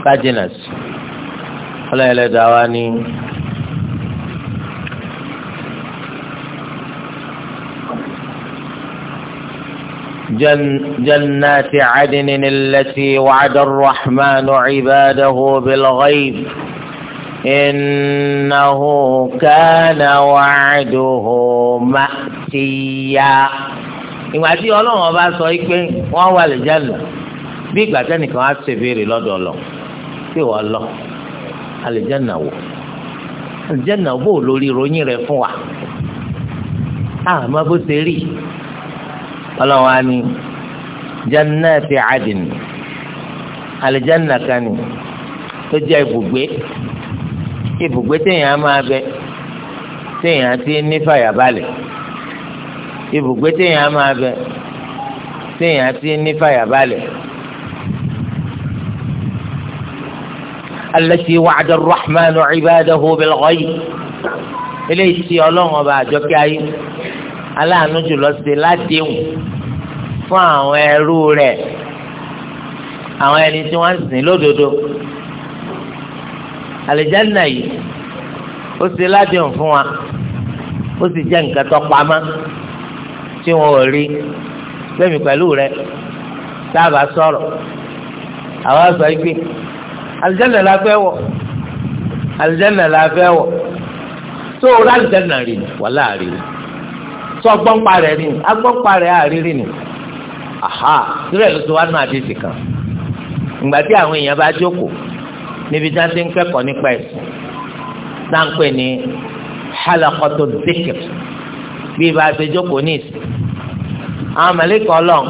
kájínà sí ọlọ́yẹlẹ́dàá wa ni. جنات عدن التي وعد الرحمن عباده بالغيب إنه كان وعده مأتيا ìgbà tí ọlọ́run ọba sọ yìí pé wọ́n wà lè jẹ́nu bí ìgbà tẹ́nìkan á ṣe béèrè lọ́dọ̀ lọ pé wọ́n lọ àlìjẹ́nà wò àlìjẹ́nà wò lórí ìròyìn rẹ̀ fún wa àmọ́ bó ṣe rí ọlọ́run á ní jannati adin alijanna kan ní tó jẹ́ ibùgbé ibùgbé téèyàn á máa bẹ téèyàn ti ní fàyàbalẹ̀ ibùgbé téèyàn á máa bẹ téèyàn ti ní fàyàbalẹ̀. التي وعد الرحمن عباده بالغيب إليه سي الله وبعد كاين aláàánú jùlọ ṣe ládéhùn fún àwọn ẹrú rẹ̀ àwọn ẹni tí wọ́n ń sìn lódodo àlìjáná yìí ó ṣe ládéhùn fún wa ó sì jẹ́ nǹkan tó pamọ́ tí wọn ò rí lẹ́mi pẹ̀lú rẹ̀ sábà sọ̀rọ̀ àwọn sọ igbe àlìjáná la fẹ́ wọ̀ àlìjáná la fẹ́ wọ̀ tó o rà àlìjáná rí ni wàhálà rí ni sọ gbọ́npa rẹ̀ rí ni agbọ́npa rẹ̀ àrírí ni aha sílẹ̀ ló ti wá nù àdéhìí kan ìgbà tí àwọn èèyàn bá jókòó níbi tí wọ́n ti ń kẹ́kọ̀ọ́ nípa ẹ̀sìn náà ń pè ní halakọ́tò dìkìr bí ibà ṣe jókòó ní ìsìn àwọn mẹ̀lẹ́kọ̀ ọlọ́run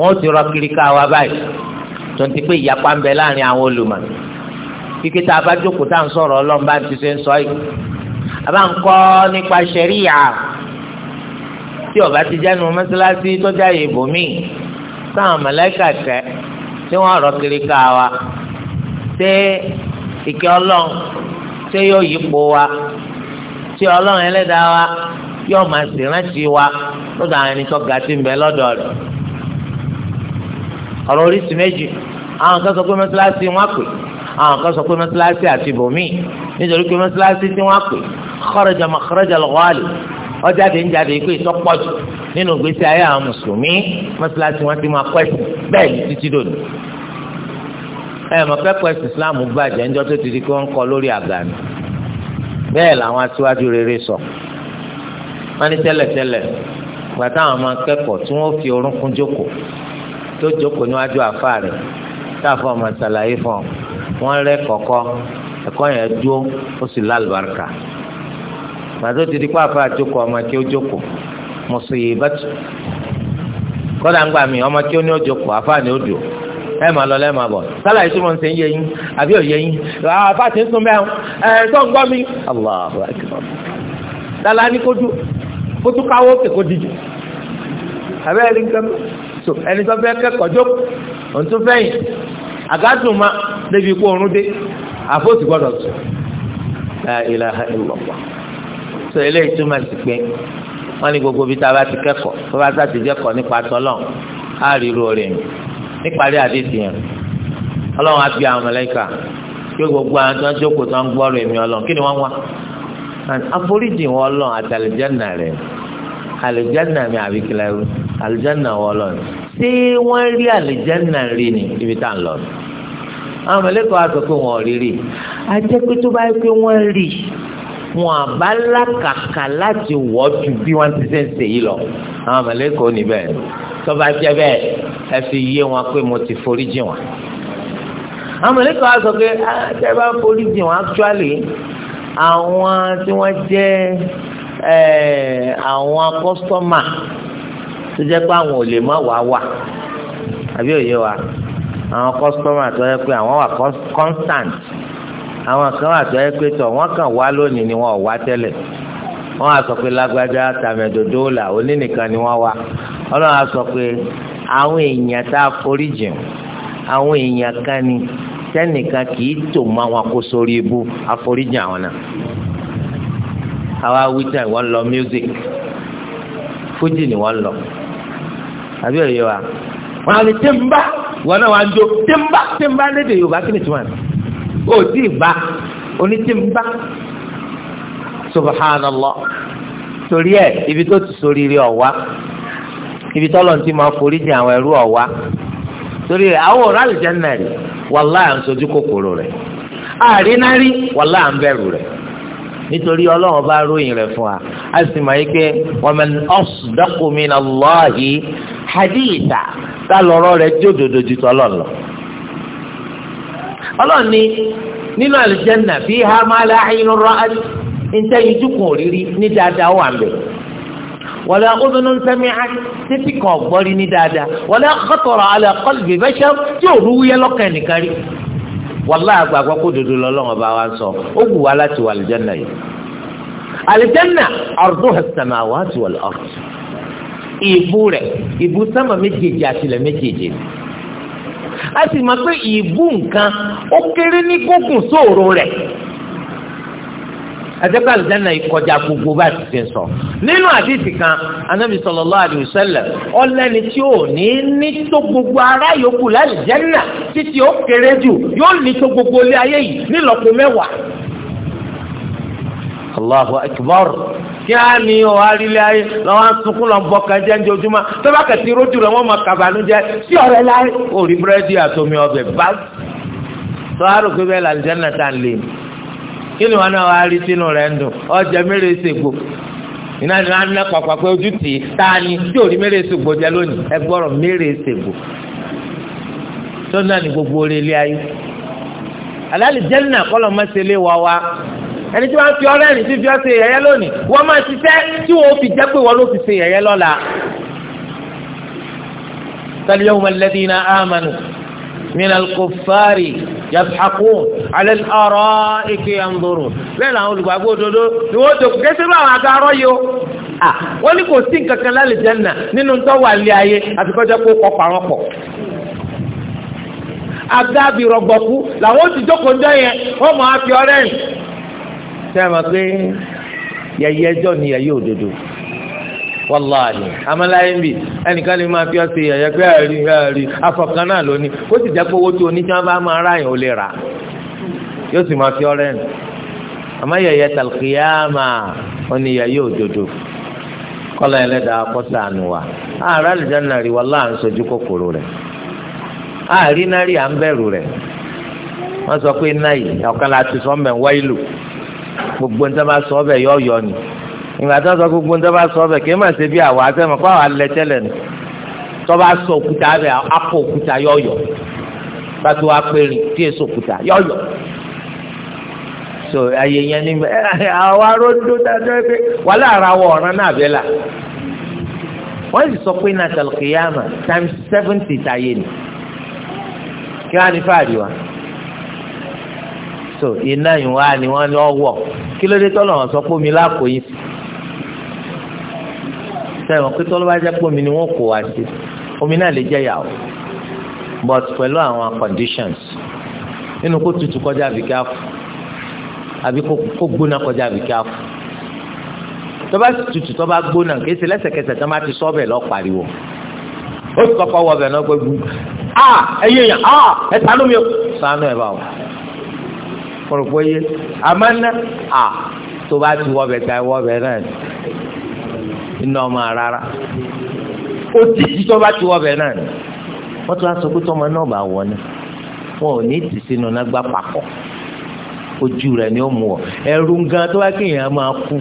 wọ́n ti rọ kiri ká wa báyìí tó ń ti pé ìyapa ń bẹ láàrin àwọn olùmọ̀ kíkí tá a bá jókòó tá à ń sọ̀rọ̀ ọlọ́run bá ti ṣe ń sọ yìí a ń kọ́ nípa ṣẹ̀ríyà tí ọba ti jánu mọ́sálásí tọ́jà ìbò míì táwọn mọ̀lẹ́kà tẹ́ tí wọ́n rọ kiri ká wa ṣé ìkẹ́ ọlọ́run ṣé yóò yípo wa ṣé ọlọ́run ẹlẹ́dàá wa yóò máa sì rántí wa lọ́dọ̀ àwọn ẹni tó ga sí ń bẹ lọ́dọ̀ rẹ̀ ọ̀rọ̀ oríṣi méjì àwọn kan sọ pé mọ́sálásí wọn pè àwọn kan sọ pé mọ́sálásí àti ibòmíì nítorí pé mọ́sálásí tí wọ́n pè kharaja makharaja al-ghali ọjáde ń jáde pé ìtọ́pọ̀ jù nínú ìgbésí ayé àwọn mùsùlùmí mọ́sálásí wọn ti máa pẹ́sì bẹ́ẹ̀ ní títí dòní. ẹ mọ̀ pẹ́pẹ́ ìsìláàmù gbàjẹ́ ńjọ́ tó ti di pé wọ́n ń kọ lórí àga ni bẹ́ẹ̀ làwọn aṣíwájú rere sọ wọ́n ní tẹ́lẹ̀tẹ́lẹ̀ gbà táwọn máa kẹ́kọ̀ọ́ tí wọ́n fi orúnkún jókòó tó jókòó níwájú àfáà rẹ̀ táàfọ́ ọmọ ṣàlàyé fún ọ wọ́n rẹ́ kọ̀ọ̀kọ́ ẹ̀kọ́ yẹn dúró ó sì lálùbáríkà màtó ti di kó àfa àjókòó ọmọ kí ó jókòó mùsùlùmí kọ́dà ń gbà mí ọmọ kí ó ní ó jókòó àfa ni ó dùn ẹ máa lọ lẹ́ẹ̀ma bọ̀ sálà yìí tí mo ń sè ń yẹ yín àbí òye yín àfa ti ń sun bẹ́ẹ̀ ẹ̀ tó ń gbọ́ mi. Allahu akbar sálà ní kó dùn kó tún káwó kè kó dìjú abẹ́ ẹni kan so ẹni tó fẹ́ kẹ́kọ̀ọ́ jókòó òun tó fẹ́yìn àgádùn ma débi ikú oorun dé àfọ́sì gbọ́dọ̀ sùn. La ilaha illallah sọ eléyìí túmọ̀ sí pé wọ́n ní gbogbo ibi tá a bá ti kẹ́kọ̀ọ́ tó bá sá ti jẹ́kọ̀ọ́ nípa tọ́lọ̀ á rí irú rẹ̀ níparí àdéhùn yẹn ọlọ́run á bí àwọn mọ̀lẹ́kà pé gbogbo àwọn tó ń jókòó tó ń gbọ́rọ̀ èmi ọlọ́run kí ni wọ́n wá àforíjì wọn ọlọ́run àtàlẹ́jẹ́nà rẹ̀ àlẹ́jẹ́nà mi àbíkílẹ̀ rú àlẹ́jẹ́nà wọn ọlọ́run ṣé wọ́n rí àlẹ́jẹ́nà rí ni ibi tá à ń lọ àwọn mọ̀lẹ́kà wa sọ pé wọn ò rí rí àjẹpẹ́ tó bá yẹ pé wọ́n rí fún àbálá kàkà láti wọ́ ju bí wọ́n ti ṣe ń ṣe yìí lọ àwọn mọ̀lẹ́kọ̀ọ́ níbẹ̀ tọ́ba jẹ́ bẹ́ẹ̀ ẹ fi yé wọn pé mo ti forí jì wọn. àwọn mọ̀lẹ́kọ̀ọ́ á sọ pé ah, ẹ bá forí jì wọn actually àwọn tí wọ́n jẹ́ àwọn kọ́sítọ́mà tó jẹ́ pé àwọn ò lè má wàá wà àbí òye wa àwọn kọ́sítọ́mà tó jẹ́ pé àwọn wà constant. àwọn kan wà tó ẹ pé tọ̀ wọ́n kàn wá lónìí ni ò wá tẹ́lẹ̀ wọn á sọ pé lágbájá tàmẹ̀dòdó là onínìkan ni wọn wá ọlọ́run á sọ pé àwọn èèyàn tá a forí jìn àwọn èèyàn kan ni sẹ́nìkan kì í tò mọ́ àwọn kó orí ibu àforíjìn àwọn náà àwa wíjà wọn lọ music fújì ni wọ́n lọ àbí òye wa wọ́n á lè tẹ́ náà wá jó tẹ́ ń lédè yorùbá kí ni tí wọ́n ó tí ì bá oní tí ń bá torí ẹ ibi tó ti sóríire ọ̀wá ibi tọ́lọ̀ ti máa forí jìn àwọn ẹrú ọ̀wá torí ẹ àwọn òrò à ń sojú kòkòrò àrínárí à ń bẹ̀rù nítorí ọlọ́run bá ròyìn fún wa a sì máa yí pé tá lọ́rọ́ jódòdò ju tọ́lọ̀ ọlọ́run ní nínú àlùjẹ́nà bí ha máa la ayinú ra'ad níta ìjú kan òrírí ní dáadáa wà ń bẹ̀. wala udhunun sami'at títí kan ọ̀gbọ́rí ní dáadáa wala khatara ala qalbi bashar tí ò rúwúyẹ́ lọ́kàn nìkan rí. wàláhì àgbàgbọ́ kó dodo lọ́lọ́run bá wa sọ ó wù wá láti wà àlùjẹ́nà yìí. àlùjẹ́nà arduha as-samawati wal ard ìbú rẹ̀ a sì máa pé ìbú nǹkan ó kéré ní gúngùn sóòrò rẹ̀ àtẹ́kọ̀ àlùjáná ìkọjá gbogbo bá ti fi sọ nínú àdìsí kan anábì sallallahu alaihi wasallam ọlẹ́ni tí ò ní ní tó gbogbo ará yòókù lálùjáná títí ó kéré jù yóò ní tó gbogbo ilé ayé yìí nílọ́po mẹ́wàá. Allahu akbar kí ni ní ọ̀há lílẹ̀ ayé lọ́wọ́ sunkún lọ́n bọ̀kan jẹ́ ní ojúmọ́ tó bá kẹ̀sí rójú rẹ̀ wọ́n mọ kàbánú jẹ́ sí ọ̀rẹ́ láyé òrí búrẹ́dì àtomi ọbẹ̀ bá tó á rò pé bẹ́ẹ̀ làlùjẹ́ náà tà ń lè mí kí ni wọn náà wá rí sínú rẹ̀ ń ọjà mẹ́rẹ̀ ṣègbò iná ni wọn á ná pàpà pé ojú tì í tá a ní tí òrí ṣègbò jẹ́ lónìí ẹ gbọ́rọ̀ mẹ́rẹ̀ ṣègbò tó náà ní gbogbo orí ilé ayé alálìjẹ́ náà kọ́ ẹni tí wọ́n fi ọ̀rẹ́ rìn sí fi ọ́ ṣe yẹ̀yẹ́ lónìí wọ́n máa ṣiṣẹ́ tí wọ́n fi jẹ́ pé wọ́n ló fi ṣe yẹ̀yẹ́ lọ́la. فاليوم الذين آمنوا من الكفار يضحكون على الأرائك ينظرون lẹ́nu àwọn olùgbàgbọ́ òdodo ni wọ́n tó kẹ́sẹ́ bá àwọn agarọ́ yìí o wọ́n ní kò sí nǹkan kan lálẹ́ jẹ́nà nínú tó wà lé ayé àti kọjá kó kọ́ parọ́ pọ̀ agbábìrọ̀gbọ̀kú làwọn ti jókòó ń dán yẹn wọ́n mọ̀ á fi ọ̀rẹ́ sẹ́yìn ma pé yẹ̀yẹ́ ẹjọ́ ni yẹ̀yẹ́ òdodo wàláàni amáláyé ń bì ẹnìkan lè máa fi ọ́ ṣe yẹ̀yẹ́ pé àárí àárí afọ̀kan náà lónìí kó sì jẹ́ pé owó tó oníṣẹ́ bá máa ráyìn ò lè rà yóò sì máa fi ọ́rẹ́ nù àmọ́ yẹ̀yẹ́ tàlùkìyàmà ó ní yẹ̀yẹ́ òdodo kọ́lá ẹlẹ́dàá kó ṣàánú wa ààrẹ àlùjáná rí wàláà ń sojú kòkòrò rẹ̀ ààrí náà rí à ń bẹ̀rù rẹ̀ wọ́n sọ pé náà yìí ọ̀kan láti sọ́mẹ̀ wáìlù gbogbo níta bá sọ ọbẹ̀ yọ yọ ni ìgbà tó sọ gbogbo níta bá sọ ọbẹ̀ kí ẹ má ṣe bí àwọ̀ àtẹ̀mọ̀ kó àwọn alẹ́ tẹ́lẹ̀ ni tó bá sọ òkúta abẹ́ apò òkúta yọ yọ pàtó apẹ̀rìn tí èso òkúta yọ yọ so ayé yẹn ní àwọn aróńdó dáadáa pé wà lára wọ ọ̀ràn náà bẹ́ẹ̀ la wọ́n sì sọ pé nàtàlùkìyàmà times seventy tàyè ni kí wọ́n á ní fáàrí wa so iná ìwà ni wọ́n ní ọwọ́ kí ló dé tọ́lọ̀ wọn sọ pé omi láàkó yín sẹ́wọ̀n pé tọ́lọ́ bá jẹ́ pé omi ni wọ́n kó wá sí omi náà lè jẹ́ yàwó but pẹ̀lú àwọn conditions nínú kó tutù kọjá àbí káfù àbí kó gbóná kọjá àbí káfù tó bá tutù tó bá gbóná kì í ṣe lẹ́sẹ̀kẹsẹ̀ tó má ti sọ́ọ̀bẹ̀ lọ́ọ́ pariwo ó sì kọ́kọ́ wọ ọbẹ̀ náà gbẹ́gbú ah ẹ̀yẹ̀yàn ah ẹ̀ sànú mi ò sànú ẹ̀ bá wọn. A ma yé àmọ́ ná à ti ta ìwọ́ bẹ̀ iná ọmọ rárá ó ti ti tó bá ti náà ni wọ́n tún á sọ pé tọ́mọ náà bá ni wọn ò ní sínú nágbà ni ó mú ọ ẹ̀rù gan tó bá kéèyàn máa kú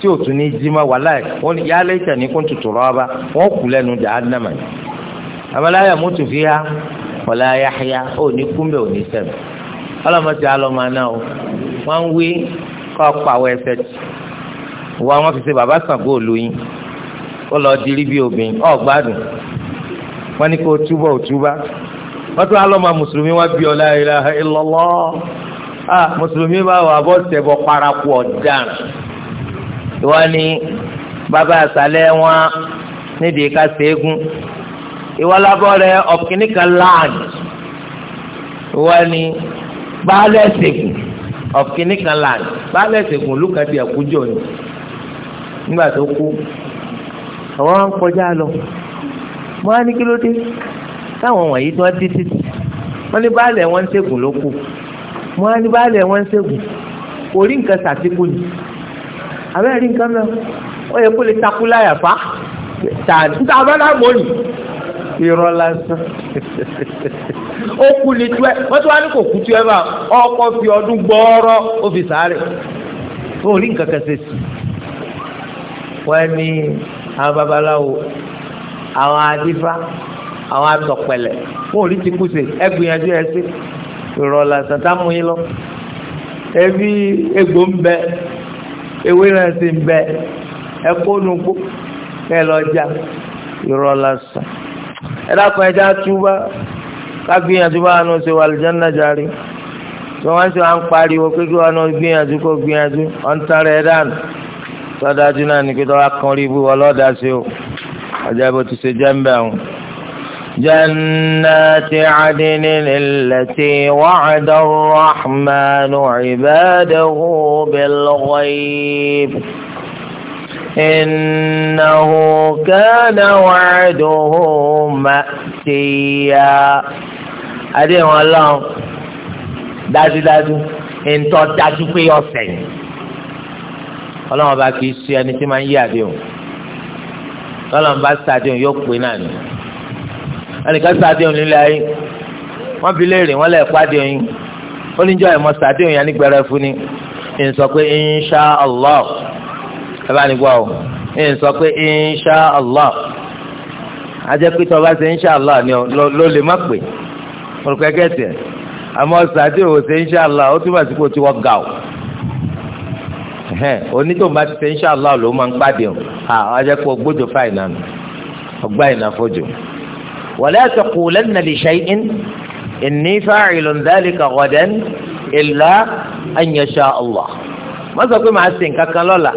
tí ò tún ní jí má wà láì wọn yálé ìtàní kó tutù rọ́ọ̀bá wọn lẹ́nu ni fi ọlọ́mọdé alọ́mọ náà o wọ́n ń wí kọ́ pàwọ́ ẹsẹ̀ tì wọ́n wọ́n fi ṣe bàbá Ṣàngó olóyin ó lọ di rí bí obìnrin ọ̀ gbádùn wọ́n ní kó o túbọ̀ o tún alọ́mọ mùsùlùmí wá bí ọlá ilaha illallah a mùsùlùmí bá wà bọ́ sẹ́bọ̀ paraku ọ̀daràn wọ́n ní bàbá àṣàlẹ̀ wọn nídìí ká ṣẹ́gun ìwọ́lábọ̀ rẹ̀ ọ̀kìnìkan láàyè wọ́n ní baálé ẹ̀sẹ̀gùn of kìnnìkan land baálé ẹ̀sẹ̀gùn olùkàdì àkójọ ni nígbà tó kú àwọn ń kọjá lọ mo á ní kí ló dé táwọn wọ̀nyí tí wọ́n dí títì wọ́n ní baálẹ̀ wọn ń ṣègùn ló kù mo á ní baálẹ̀ wọn ń orí nǹkan ṣàtìkù ni àbẹ́rẹ́ rí nǹkan mẹ́wọ́ ó yẹ kó lè takú láyà fa tàbí tàbí aláàmọ́ yìí irọ́ lásán ó kú ní tuẹ́ wọ́n ti wá ní kò kú tuẹ́ bá ọkọ̀ fi ọdún gbọ́ọ́rọ́ ó fi sáré ó rí nǹkan kan ṣe sí wọ́n ní àwọn babaláwo àwọn adífá àwọn atọ̀pẹ̀lẹ̀ ó rí ti kú sí ẹgbìyànjú ẹ sí irọ́ lásán tá mú yín lọ ẹbí egbò ń bẹ ewé náà sì ń bẹ ẹkọ nùgbò kẹ lọ irọ́ lásán ẹdákan ẹja túbá kágbìyànjú bá wọn ṣe wà lìjánná jàre tí wọn ṣe wọn pariwo pé kí wọn gbìyànjú kó gbìyànjú wọn tara ẹ dànù tọ́dájú náà ní pé tọ́wá kan rí ibú ọlọ́dà sí o ọjà bó ti ṣe jẹ́ ń bẹ̀ عدن التي وعد الرحمن عباده بالغيب إنه كان وعده مأتيا àdéhùn ọlọ́run dájúdájú ntọ́ dájú pé ọ̀sẹ̀ ni ọlọ́run bá kì í ṣe ẹni tí máa ń yí àdéhùn ọlọ́run bá ṣàdéhùn yóò pé náà ni ẹnìkan ṣàdéhùn nílé ayé wọ́n fi léèrè wọ́n lẹ̀ pàdéhùn yín ó ní jọ́ ẹ̀mọ́ ṣàdéhùn yẹn nígbẹ̀rẹ̀ fún ni ìsọ pé insha allah ẹ bá ní gbọ́ o ẹ ń sọ pé insha allah ajẹ́ pé tọ́ba ṣe insha allah ni ló lè má pè olùkọ́ ẹgẹ́tì ẹ̀ àmọ́ sàdé ò ṣe insha allah ó túmọ̀ sí pé o ti wọ́ ga o onítòun bá ti ṣe insha allah ló máa ń pàdé o ajẹ́ pé o gbójú fáìnà nù ọgbà ìnáfọ́jò wala taqulanna li shay'in inni fa'ilun dhalika ghadan illa an yasha allah mọ́sọ̀ pé màá ṣe nǹkan kan lọ́la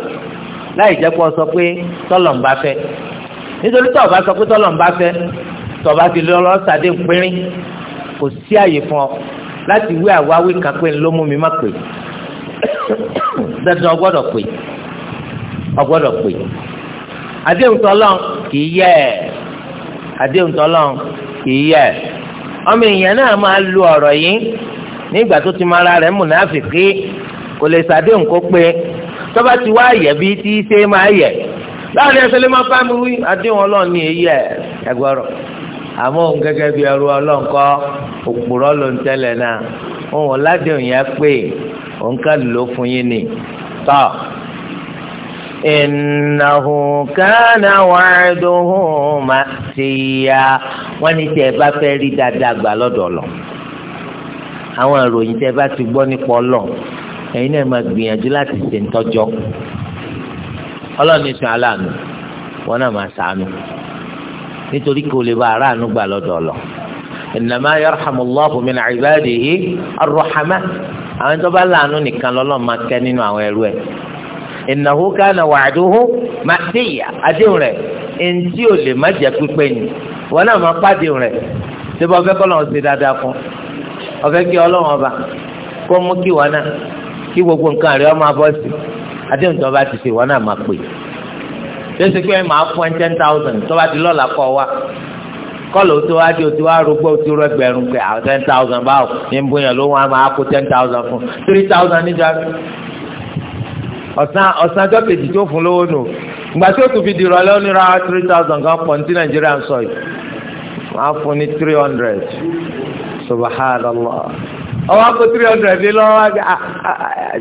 láì jẹ́ pé ọ sọ pé tọ́lọ̀ ń bá fẹ́ nítorí tọ́ ọba sọ pé tọ́lọ̀ ń bá fẹ́ tọ́ba ti lọ lọ́sàdé pínrín kò sí àyè fún ọ láti wí àwáwí kan pé ló mú mi má pè dandan ọgbọ́dọ̀ pè ọgbọ́dọ̀ pè àdéhùn tọ́lọ́ kì í yẹ ẹ̀ àdéhùn tọ́lọ́ kì í yẹ ẹ̀ ọmọ èèyàn náà máa lu ọ̀rọ̀ yìí nígbà tó ti mọ ara rẹ̀ múnáfìkì kò lè ṣàdéhùn kó pé tọ́ba ti wá yẹ bí tí í ṣe máa yẹ láàrin ẹsẹ̀ lè máa bá mi wí àdéhùn ọlọ́run ní èyí ẹ̀ ẹgbọ́rọ̀ àmọ́ òun gẹ́gẹ́ bí ẹrú ọlọ́run kọ́ òpùrọ́ ló ń tẹ́lẹ̀ náà òun ọ̀làdéhùn yẹn pé òun ká lò fún yín ni tọ́ ìnáwó kánà wàdùnhùn máa ti ya wọ́n ní tí ẹ bá fẹ́ rí dáadáa gbà ẹ̀yin náà máa gbìyànjú láti ṣe ńtọ́jọ́ ọlọ́ọ̀ni sùn aláàánú wọn náà máa sàánú nítorí kò lè bá aráàánú gbà lọ́dọ̀ ọ̀lọ́ innama yarhamullahu min ibadihi ar-ruhama àwọn tó bá láàánú nìkan lọ́lọ́ọ̀ máa kẹ́ nínú àwọn ẹrú ẹ̀ innahu kana wa'duhu ma'tiya àdéhùn rẹ̀ ntí ò lè má jẹ́ pípé ni wọn náà máa pàdéhùn rẹ̀ síbi ọ̀fẹ́ kọ́ lọ́wọ́ ṣe dáadáa fún ọ̀fẹ́ kí ọlọ́wọ́n ọba kó mú kí wọn náà kí gbogbo nǹkan rẹ ọmọ abọ́sì àdéhùn tó bá ti ṣe wọn náà máa pè lẹ́sìn pé màá fún ẹ ten thousand tó bá ti lọ́la kọ́ wa kọ́lù tó wá di òtí wá rúgbó tí rú ẹgbẹ̀rún pé àwọn ah, ten thousand báwò ní bóyá ló wọn máa kó ten thousand fún three thousand níjà ọ̀sán ọ̀sán ọjọ́ kejì tó fún lówó nù ìgbà tí ó tún fi di ìrọ̀lẹ́ ó three thousand kan pọ̀ ní nàìjíríà ń sọ yìí wọ́n fún ní three hundred subhanallah ọwọ́ akó three hundred lé lọ́wọ́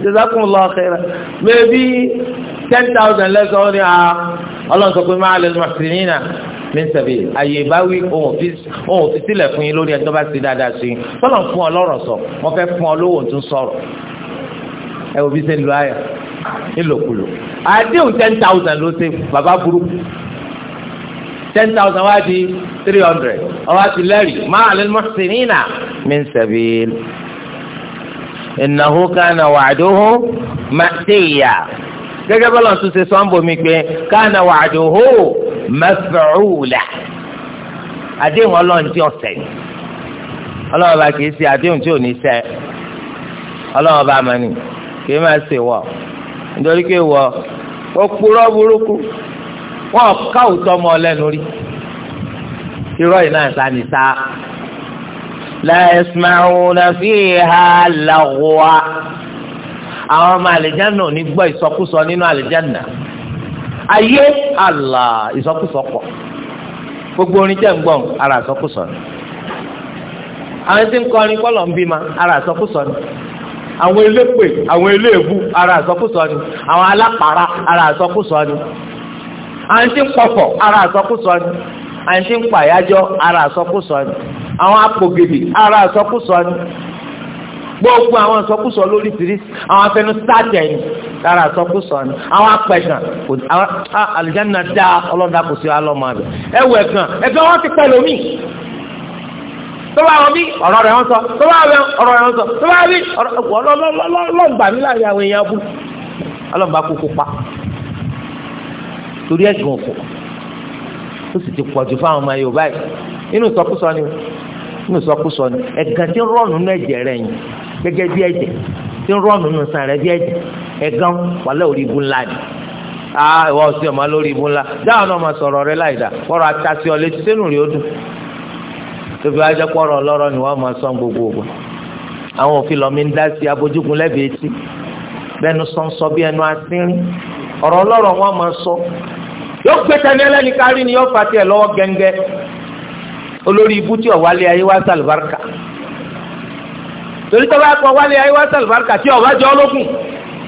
jazakumullahu khairan maybe ten thousand lẹ́sọ̀ ni ọlọ́run sọ pé máa lè lọ́ọ́ sí nínà mínísítẹ̀bì àyè ìbáwí ohun òfin sílẹ̀ fún yín lórí ẹni tó bá ti dáadáa sí yín tọ́lọ̀ fún ọ lọ́rọ̀ sọ wọ́n fẹ́ fún ọ lówó tún sọ̀rọ̀ ẹ wo bí ṣe ń lo ayọ̀ nílòkulò àdéhùn ten thousand ló ṣe bàbá burúkú ten thousand wá di three hundred ọwọ́ àti lẹ́rìí máa lè lọ́ọ́ sí nínà mínísítẹ̀bì. ìnáwó kánà wàdúhù màtíyà gẹ́gẹ́ bọ́lá tún ṣe sọ́ńbò mi pé kánà wàdúhù mẹ́fẹ̀ẹ́wùlà àdéhùn ọlọ́run tí ọ̀sẹ̀ ni ọlọ́run bá kìí ṣe àdéhùn tí ò ní ṣẹ ọlọ́run bá mọ̀ kìí máa ṣe nítorí pé wọ òpùrọ̀ burúkú ká òótọ́ mọ́ ọ lẹ́nu rí irọ́ yìí náà sá ni لا يسمعون فيها لغوا àwọn ọmọ àlìjáná ò ní gbọ́ ìsọkúsọ nínú àlìjáná ayé àlà ìsọkúsọ pọ̀ gbogbo orin jẹ́ ń gbọ́n ara ìsọkúsọ ni àwọn tí ń kọrin kọ́lọ̀ ń bímọ ara ìsọkúsọ ni àwọn elépè àwọn eléèbú ara ìsọkúsọ ni àwọn alápàrà ara ìsọkúsọ ni àwọn tí ń pọ̀fọ̀ ara ìsọkúsọ ni àwọn tí ń pàyájọ́ ara ìsọkúsọ ni àwọn apògèdè ara àsọkúsọ ni gbogbo àwọn àsọkúsọ lórí tìrí àwọn afẹnu sáàtì ẹni ara àsọkúsọ ni àwọn apẹ̀sán àlùjáná dá ọlọ́dà kò sí alọ́mọ rẹ̀ ẹ wọ ẹ̀gàn ẹ̀gàn wọn ti pẹ̀lú mi tó bá wọn bí ọ̀rọ̀ rẹ̀ wọn sọ tó bá wọn ọ̀rọ̀ rẹ̀ wọn sọ tó bá bí ọlọ́gbà mi láàrin àwọn èèyàn bú ọlọ́gbà kúkú pa torí ẹ̀gàn òfò ó sì ti pọ̀jù fáwọn ọmọ Yorùbá yìí inú ìsọkúsọ ni o ní ìsọkúsọ ni ẹ̀gàn tí ń rọ́ọ̀nù nínú ẹ̀jẹ̀ rẹ̀ yìí gẹ́gẹ́ bí ẹ̀jẹ̀ tí ń rọ́ọ̀nù nínú sàn rẹ̀ bí ẹ̀jẹ̀ ẹ̀gàn wàlẹ́ orí ibu ńlá ni aa ìwọ ọsẹ ọmọ lórí ibu ńlá dáhùn náà máa sọ̀rọ̀ rẹ láìda kọ́rọ̀ atasi ọ létí sẹ́nu rí ó dùn tóbi wájú kọ́rọ̀ ọlọ́rọ̀ ni wọ́n máa sọ gbogbo ògbà àwọn òfin lọ́mí ń dá sí abojúgun lẹ́bẹ̀ẹ́ etí bẹ́ẹ̀ ni sọ́nsọ́ ni yóò fà olórí ibú tí ó wálé ayé wá sàlùbáríkà torí tó bá kọ wálé ayé wá sàlùbáríkà tí ó jọ ológun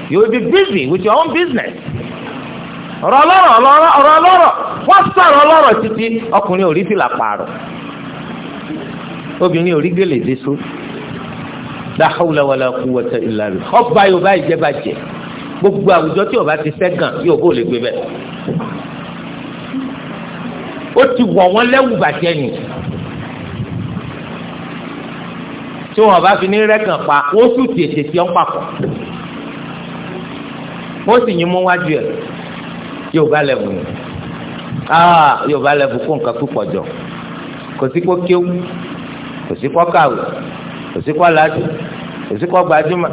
you will be busy with your own business ọ̀rọ̀ ọlọ́rọ̀ ọ̀rọ̀ ọlọ́rọ̀ wọ́n sọ̀rọ̀ ọlọ́rọ̀ títí ọkùnrin ò rí fìlà pààrọ̀ obìnrin ò rí gèlè dé só dáhùláwàlá kú wọ́tẹ ìlànà ọba yorùbá ìjẹbàjẹ gbogbo àwùjọ tí ó bá ti sẹ́gàn yóò bó lè gbé bẹ́ẹ̀ ó ti wọ̀ wọ́n lẹ́wù bàjẹ́ ni tí wọn bá fi ní rẹ́kàn pa ó sì tètè tí ó ń papọ̀ ó sì yín mú wájú ẹ̀ yóò bá lẹ́bù ni ah, yóò bá lẹ́bù kó nǹkan púpọ̀ jọ kò sí kó kéwú kò sí kó kàwé kò sí kó làjú kò sí kó gbajúmọ̀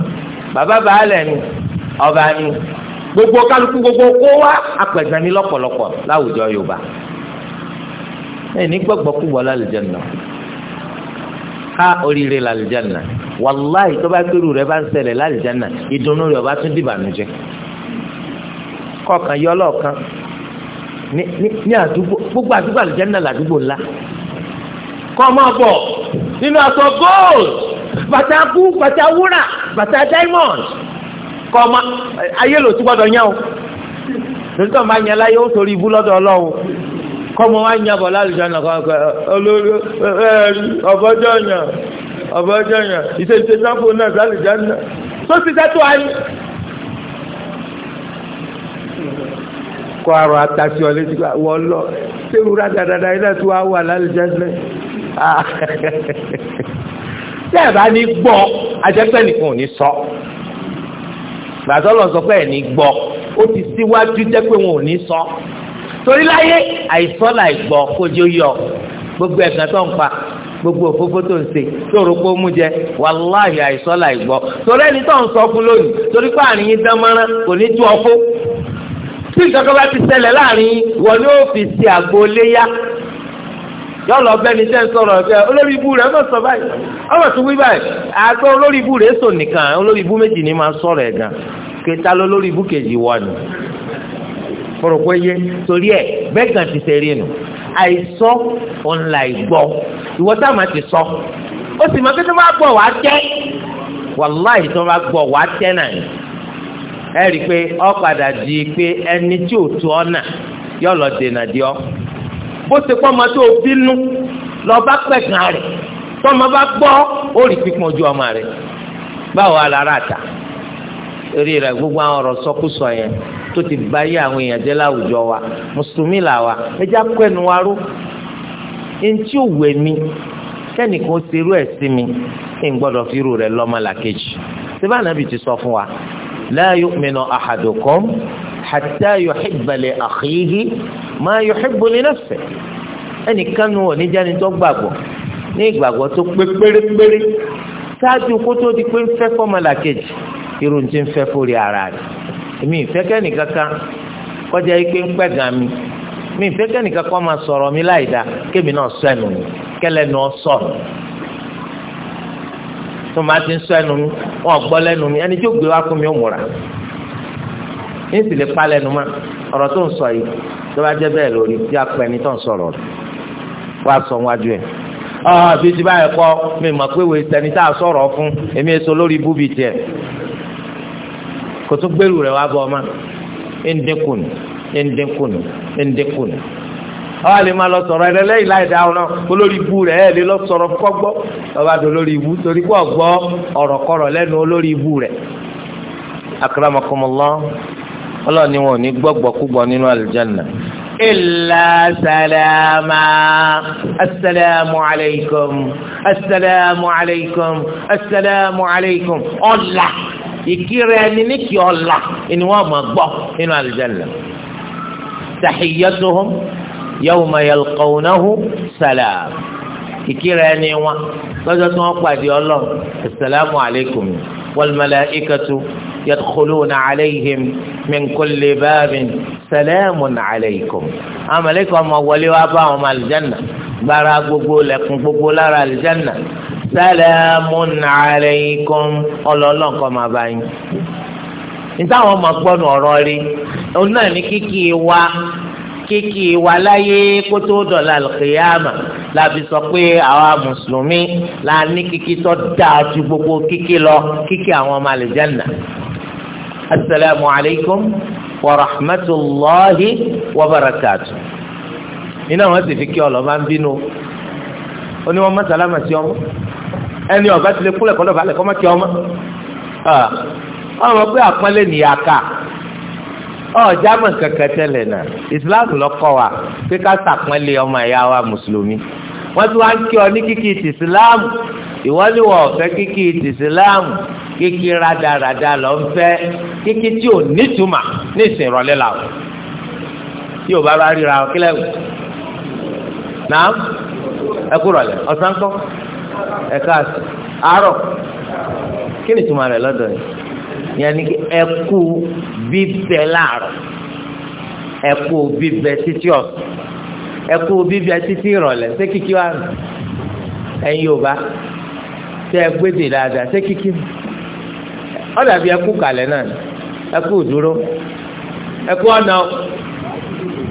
bàbá baálẹ̀ ni ọba ni gbogbo kálukú gbogbo kó wá apẹ̀gbẹ́ni lọ́pọ̀lọpọ̀ láwùjọ Yorùbá ẹni gbọgbọ kúgbọ lálùjánnà a oríire lálùjánnà wàláhì tó bá gbèrú rẹ bá ń ṣẹlẹ̀ lálùjánnà ìdùnnú rẹ ọba tún dìbànújẹ́ kọkàn yọ lọọkan ní àdúgbò gbogbo àdúgbò àlùjánnà làdúgbò ńlá kọ́ máa bọ̀ nínú aṣọ gold bàtà kú bàtà wúrà bàtà diamond kọ́ ma ayé lòtú gbọ́dọ̀ yẹn o lórí tó ń yẹn láyé ó torí ibú lọ́dọ̀ ọlọ́run kọ́mọ wa ń yàbọ̀ lálùjọ náà kọ́ olórí ẹ̀rí ọ̀bọ̀jọ̀ yàn ọ̀bọ̀jọ̀ yàn ìṣèṣe sáfù náà sálùjọ náà tó ti dẹ́tọ̀ ayé. kọ́ àrò àtàtì ọ̀lẹ́ ti gbà wọ́n lọ sẹ́wù rádaràdà iná tó wá wà lálùjọ náà. Ah. <laughs> tẹ́ ẹ̀ bá ní gbọ́ ajẹ́pẹ́ nìkan ò ní sọ gbàtọ́ lọ sọ pé ẹ̀ ní gbọ́ ó ti síwájú jẹ́ pé wọn ò ní sọ torí láyé àìsọ́ là ìgbọ́ kójú yọ gbogbo ẹ̀gàn tó ń pa gbogbo òfófó tó ń ṣe tó rò pé ó mú jẹ wàláhì àìsọ́ là ìgbọ́ torí ẹni tó ń sọ fún lónìí torí pé àrùn yín dánmọ́rán kò ní tú ọkọ́ tí nǹkan kan bá ti ṣẹlẹ̀ láàrin wọn ni ó fi ṣe àgbo léyà yọ lọ bẹni tẹ ń sọ̀rọ̀ ẹgbẹ olórí ibu rẹ ọmọ sọ báyìí ọmọ tó wí báyìí àgbọ olórí ibu rẹ sọ nìkan olórí ibu méjì ni máa sọ̀rọ̀ ẹ gan kẹta lọ lórí ibu kejì wọ ni mọ̀rọ̀ pé yé torí ẹ̀ bẹ́ẹ̀ kan ti ṣe rí nu àìsọ ọ̀nla ìgbọ́ ìwọ táwọn ti sọ ó sì mọ pé tó bá gbọ́ wàá tẹ́ wàláì tó bá gbọ́ wàá tẹ́ náà ni ẹ rí i pé ọ padà di pé ẹni tí ò tó ọ nà yọ lọ dènà di ọ bó ṣe pọ́ ọmọ tó o bínú lọ bá pẹ̀gàn rẹ̀ tọ́mọ bá gbọ́ ó rí pípọ́n ojú ọmọ rẹ̀ báwo alára àtà eré rẹ̀ gbogbo àwọn ọ̀rọ̀ sọkúsọ yẹn tó ti bá yé àwọn èèyàn jẹ́ láwùjọ wa mùsùlùmí là wa ẹjẹ́ akọ́ẹ̀nù wa ró eŋti òwú ẹ̀mí kẹ́nìkan ó ṣerú ẹ̀ sí mi ẹ̀ ń gbọ́dọ̀ fi irú rẹ̀ lọ́mọ làkejì síbá nàbì ti sọ fún wa la yu'minu ahadukum hatta yuhibba li akhihi ma yuhibbu li nafsihi ẹnìkan nu oníjàni tó gbàgbọ́ ní ìgbàgbọ́ tó pé pérépéré ṣáájú kó tó di pé ń fẹ́ fọ́mọ làkejì irú ti ń fẹ́ fórí ara rẹ̀ èmi ìfẹ́kẹ́ nìkan kan kọjá ike ń pẹ́ gan mi mi ìfẹ́kẹ́ nìkan kan máa sọ̀rọ̀ mi láì dá kémi náà sọ ẹnu mi kẹlẹ́ nu ọ sọ̀rọ̀ tó máa ti ń sọ ẹnu mi wọn gbọ́ lẹ́nu mi ẹni tí ó gbé wá fún mi ó múra ní sì lè pa lẹ́nu mọ́ ọ̀rọ̀ tó ń sọ yìí tó bá jẹ́ bẹ́ẹ̀ lórí tí a pẹ́ ni tó ń sọ̀rọ̀ wá sọ wájú ẹ̀ ọ́ bíi ti báyìí kọ́ mi mọ̀ pé wèé sẹ́ni tá a sọ̀rọ̀ fún èmi èso lórí búbi kò tún gbèrú rẹ̀ wá bọ̀ ọ́ ma ń dínkùn ń dínkùn ń dínkùn ọba lè máa lọ sọ̀rọ̀ ẹ̀rẹ́ lẹ́yìn láì dáhùn náà olórí ibu rẹ̀ ẹ̀ lè lọ sọ̀rọ̀ kọ́gbọ́ ọba dò lórí ibu torí kọ́ gbọ́ ọ̀rọ̀ kọ́rọ̀ lẹ́nu olórí ibu rẹ̀. akramakumullah ọlọ́run ni wọn ò ní gbọ́gbọ́ kúgbọ́ nínú àlùjánnà. ilà sàlámà asalaamu alaykum asalaamu alaykum asalaamu alaykum ọ̀la ìkíra ẹni ní kí ọ̀la ni wọ́n máa gbọ́ nínú àlùjánnà tahiyyatuhum yawma yalqawnahu salam ìkíra ẹni wọn lọ́jọ́ tí wọ́n pàdé ọlọ́run asalaamu alaykum wal malaikatu yadkhuluna alayhim min kulli babin salaamun alaykum àwọn màláíkà máa wọlé wá bá àwọn ọmọ àlùjánnà gbogbo lẹ́kùn gbogbo lára àlùjánnà salamun alaykum ọlọ́ọ̀lọ́ nǹkan máa bá yín nítawọn ọmọ gbọ́nù ọ̀rọ̀ rí òun náà ní kíkì wa kíkì wa láyé kó tó dọ̀la àlùkìyàmà láti sọ pé àwa mùsùlùmí la ní kíkì tó dáa ju gbogbo kíkì lọ kíkì àwọn ọmọ àlùjánnà asalaamu alaykum wa rahmatulahi wa barakatu nínú àwọn sì fi kí ọlọ́ọ̀ bínú ó ní sí ọmọ ẹni ọba ti lè kúlẹ̀ kọ́ dọ̀bálẹ̀ kọ́ má kí ọmọ ọmọ pé àpọ́nlé nìyà ká ọjà mọ̀ kẹ̀kẹ́ tẹ́lẹ̀ náà ìsìláàmù lọ́kọ́ wa pé ká sàpọ́nlé ọmọ ẹ̀yà wa mùsùlùmí wọ́n ti wá ń kí ọ ní kíkì ti ìsìláàmù ìwọ́líwọ̀ ọ̀fẹ́ kíkì ti ìsìláàmù kíkì rádaràda lọ ń fẹ́ kíkì tí ò nítumà ní ìsìn ìrọ̀lẹ́ o tí o bá bá ríra kílẹ̀ wù náà ẹkú rọ̀lẹ́ ọ̀sánkọ́ ẹ káàsì àárọ̀ kí ni ìtumọ̀ rẹ̀ lọ́dọ̀ yìí yẹn ni ẹ kú bíbẹ láàárọ̀ ẹ kú bíbẹ títí ọ̀sán ẹ kú bíbẹ títí ìrọ̀lẹ́ ṣé kíkí wà nù ẹ̀yin Yorùbá ṣé ẹ gbé dè dáadáa ṣé kíkí ọ̀dàbí ẹ kú náà dúró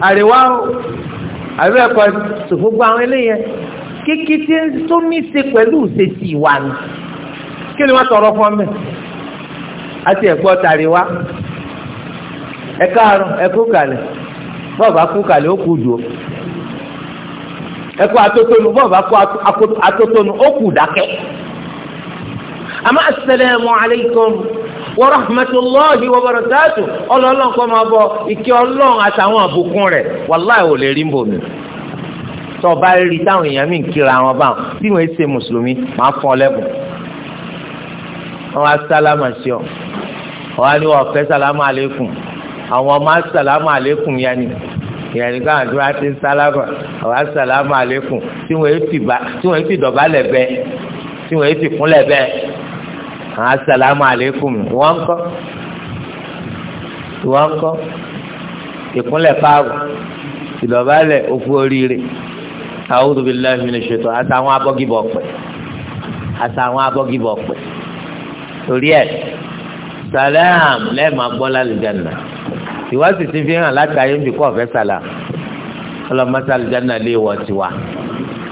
àríwá àríwá àwọn kékeré tí ń tó ní ṣe pẹ̀lú ìṣesí wa ni kí ni wọ́n sọ̀rọ̀ fún mi àti ẹ̀gbọ́ tàrí wa ẹ káàárọ̀ ẹ kú kàlẹ̀ bọ́ọ̀bù akú kàlẹ̀ ó kù dùn ẹ kú atótónu bọ́ọ̀bù akú atótónu ó kù dákẹ́ àmọ́ asalaamu alaykum wa rahmatulahi wa barakatu ọlọ́ọ̀lọ́ máa bọ̀ àtàwọn àbùkún rẹ̀ wàláì ò lè rí tó o bá rí táwọn èèyàn mi ń kíra wọn bá wọn tí wọn ṣe mùsùlùmí máa fún ọ lẹ́bùn wọn á sálámà sí ọ wọn á ní wọn fẹ́ sálámà àlékún àwọn ọmọ á sálámà àlékún yẹn ni ìyẹn ní káwọn tó bá ti ń sálámà àwọn á sálámà àlékún tí wọn ti dọ̀bálẹ̀ bẹ́ẹ̀ tí wọn ti kúnlẹ̀ bẹ́ẹ̀ àwọn sálámà àlékún wọn ń kọ́ wọn ń kọ́ ìkúnlẹ̀ káàbọ̀ ìdọ̀bálẹ̀ òkú oríire a'udhu billahi minash shaitan àtàwọn abọ́gibọ̀ pẹ̀ àtàwọn abọ́gibọ̀ pẹ̀ torí ẹ̀ salam lẹ́ẹ̀ma gbọ́ lálùjáná ìwádìí ti fi hàn láti ayé nbí kọ́ ọ̀fẹ́ salam ọlọ́mọta lùjáná lé wọ́ tiwa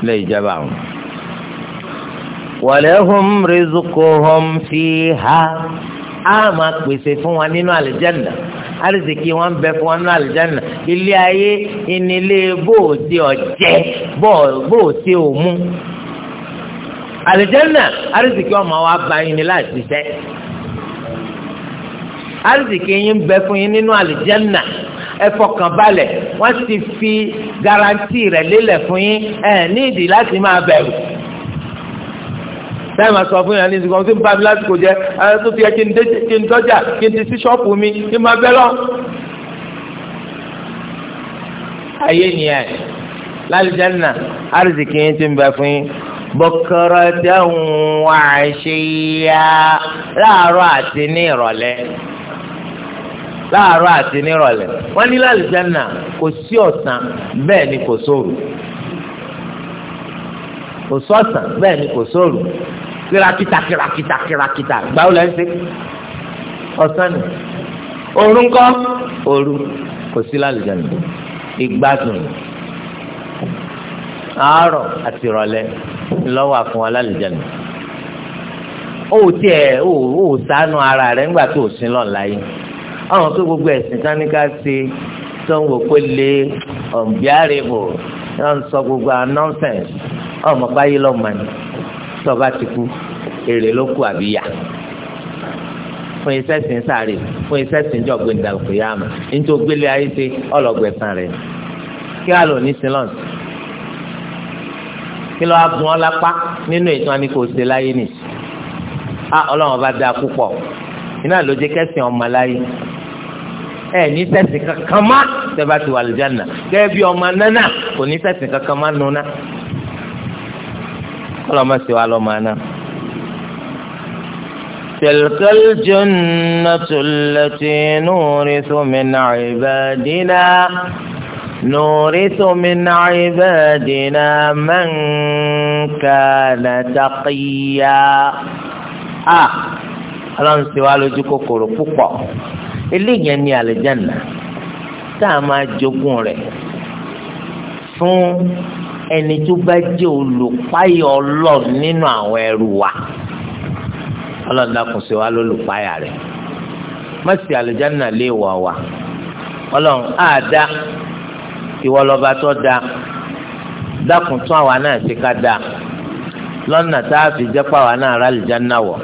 lé ìjọba wọn. walahum rizquhum fiha á máa pèsè fún wa nínú àlùjáná arizikì wọn ń bẹ fún wọn ní alìjáná ilé ayé ìnílé bóòtì ọ̀jẹ́ bóòtì òmu alìjáná arizikì ọmọ wa bá yín ní láti ṣiṣẹ́ arizikì yín bẹ fún yín nínú alìjáná ẹ fọkàn ti fi garanti rẹ̀ lélẹ̀ fún yín ẹ̀ ní láti máa bẹ̀rù táyìmù sọ fún yàrá ní ìsìnkú ọ̀hún tí ń bá mi lásìkò jẹ ẹ tó fi ẹ kí n dé kí n tọ́jà kí n ti sí ṣọ́ọ̀pù mi kí n máa bẹ́ lọ. ayé nìyẹn lálùjáná àrùsìkì yín ti ń bẹ fún yín bọ́kọ́rọ́ tẹ́ ń wá ṣe yá láàárọ̀ àti ní ìrọ̀lẹ́ láàárọ̀ àti nírọ̀lẹ́ wọ́n ní lálùjáná kò sí ọ̀sán bẹ́ẹ̀ ni kò sóòrù kò sọ̀sán bẹ́ẹ̀ ni kò sóòrù kìràkìtà kìràkìtà kìràkìtà gbàù lẹ́sẹ̀ ọ̀sán ni òru ńkọ́ òru kò sí lálùjá nìyẹn ìgbádùn àárọ̀ àti ìrọ̀lẹ́ ńlọ́wọ́ àfún alálùjá nìyẹn ó tiẹ̀ ó ó sànù ara rẹ̀ ńgbà tó sin lọ́n láyé àwọn tó gbogbo ẹ̀sìn sáníkà ṣe tó wò pé lé ọ̀nbíàrèbò náà ń sọ gbogbo àwọn nọ́ńsẹ̀nsì ọmọ báyìí lọ́mọ ni tọ́ba ti kú èrè ló kù àbí yá fún iṣẹ́ sìn sáré fún iṣẹ́ sìn jọ̀gbìn dàgbéyàmù nítorí gbélé ayé ṣe ọlọ́gbẹ̀sán rẹ̀ kí á lò ní sílọ̀n kí lọ́ọ́ gun ọ́ lápá nínú ìtàn ni kò ṣe láyé nì á ọlọ́run bá da púpọ̀ iná ló jẹ́ kẹ́sìn ọmọ láyé ẹ ní sẹ́sìn kankan má tẹ́ bá ti wà lùjánà gẹ́gẹ́ bí ọmọ nánà kò ní sẹ́sìn kankan má nùnà ọlọ́mọ sí wa lọ́mọ náà. تلك الجنة التي نورث من عبادنا نورث من عبادنا من كان تقيا ah ọlọ́run sì wá lójú kòkòrò púpọ̀ eléyìí ni àlùjánnà tá a máa jogún rẹ̀ fún ẹni tó bá jẹ́ olùpáyà ọlọ́run nínú àwọn ẹrù wa ọlọ́run dákun sí wa lólùpáyà rẹ̀ má sì àlùjáná lè wà wá ọlọ́run á dá ìwọ lọ́ba tó dá dákun tún àwa náà ṣe ká dá lọ́nà tá a fi jẹ́ pàwa náà rà àlùjáná wọ̀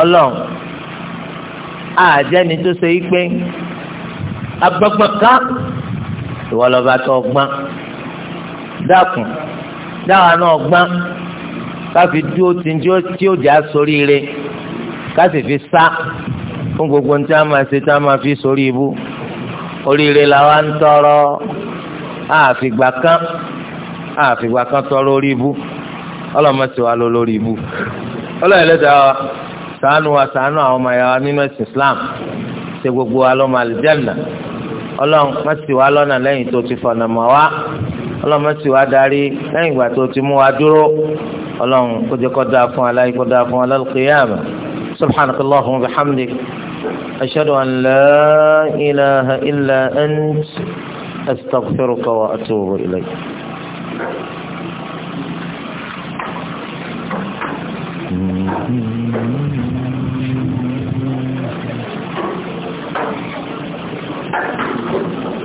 ọlọ́run á jẹ́ni tó ṣe yí pé agbọ́gbọ́n ká tó gbọ́n dákun dáhà náà gbọ́n káfi dúró tí tí ó jà sóríire káṣì fi sá fún gbogbo ní tí a máa ṣe tí a máa fi sórí ibú oríire làwa ń tọrọ àfìgbà kan àfìgbà kan tọrọ orí ibú ọlọmọsí wa lọ lórí ibú ọlọ́ọ̀lẹ́dà ṣàánú wa ṣàánú àwọn ọmọ ẹ̀yà nínú ẹ̀sìn Islam ṣe gbogbo wa lọ́mọ àlùjánnà ọlọ́run má ṣì wá lọ́nà lẹ́yìn tó ti fọ̀nà mọ́ wa ọlọ́run má sì wá darí lẹ́yìn ìgbà tó ti mú wa dúró ọlọ́run kó jẹ́ kó dáa fún aláì kó dáa fún al-qiyamah subhanaka allahumma wa bihamdik ashhadu an la ilaha illa ant astaghfiruka wa atubu ilayk. Mm-hmm.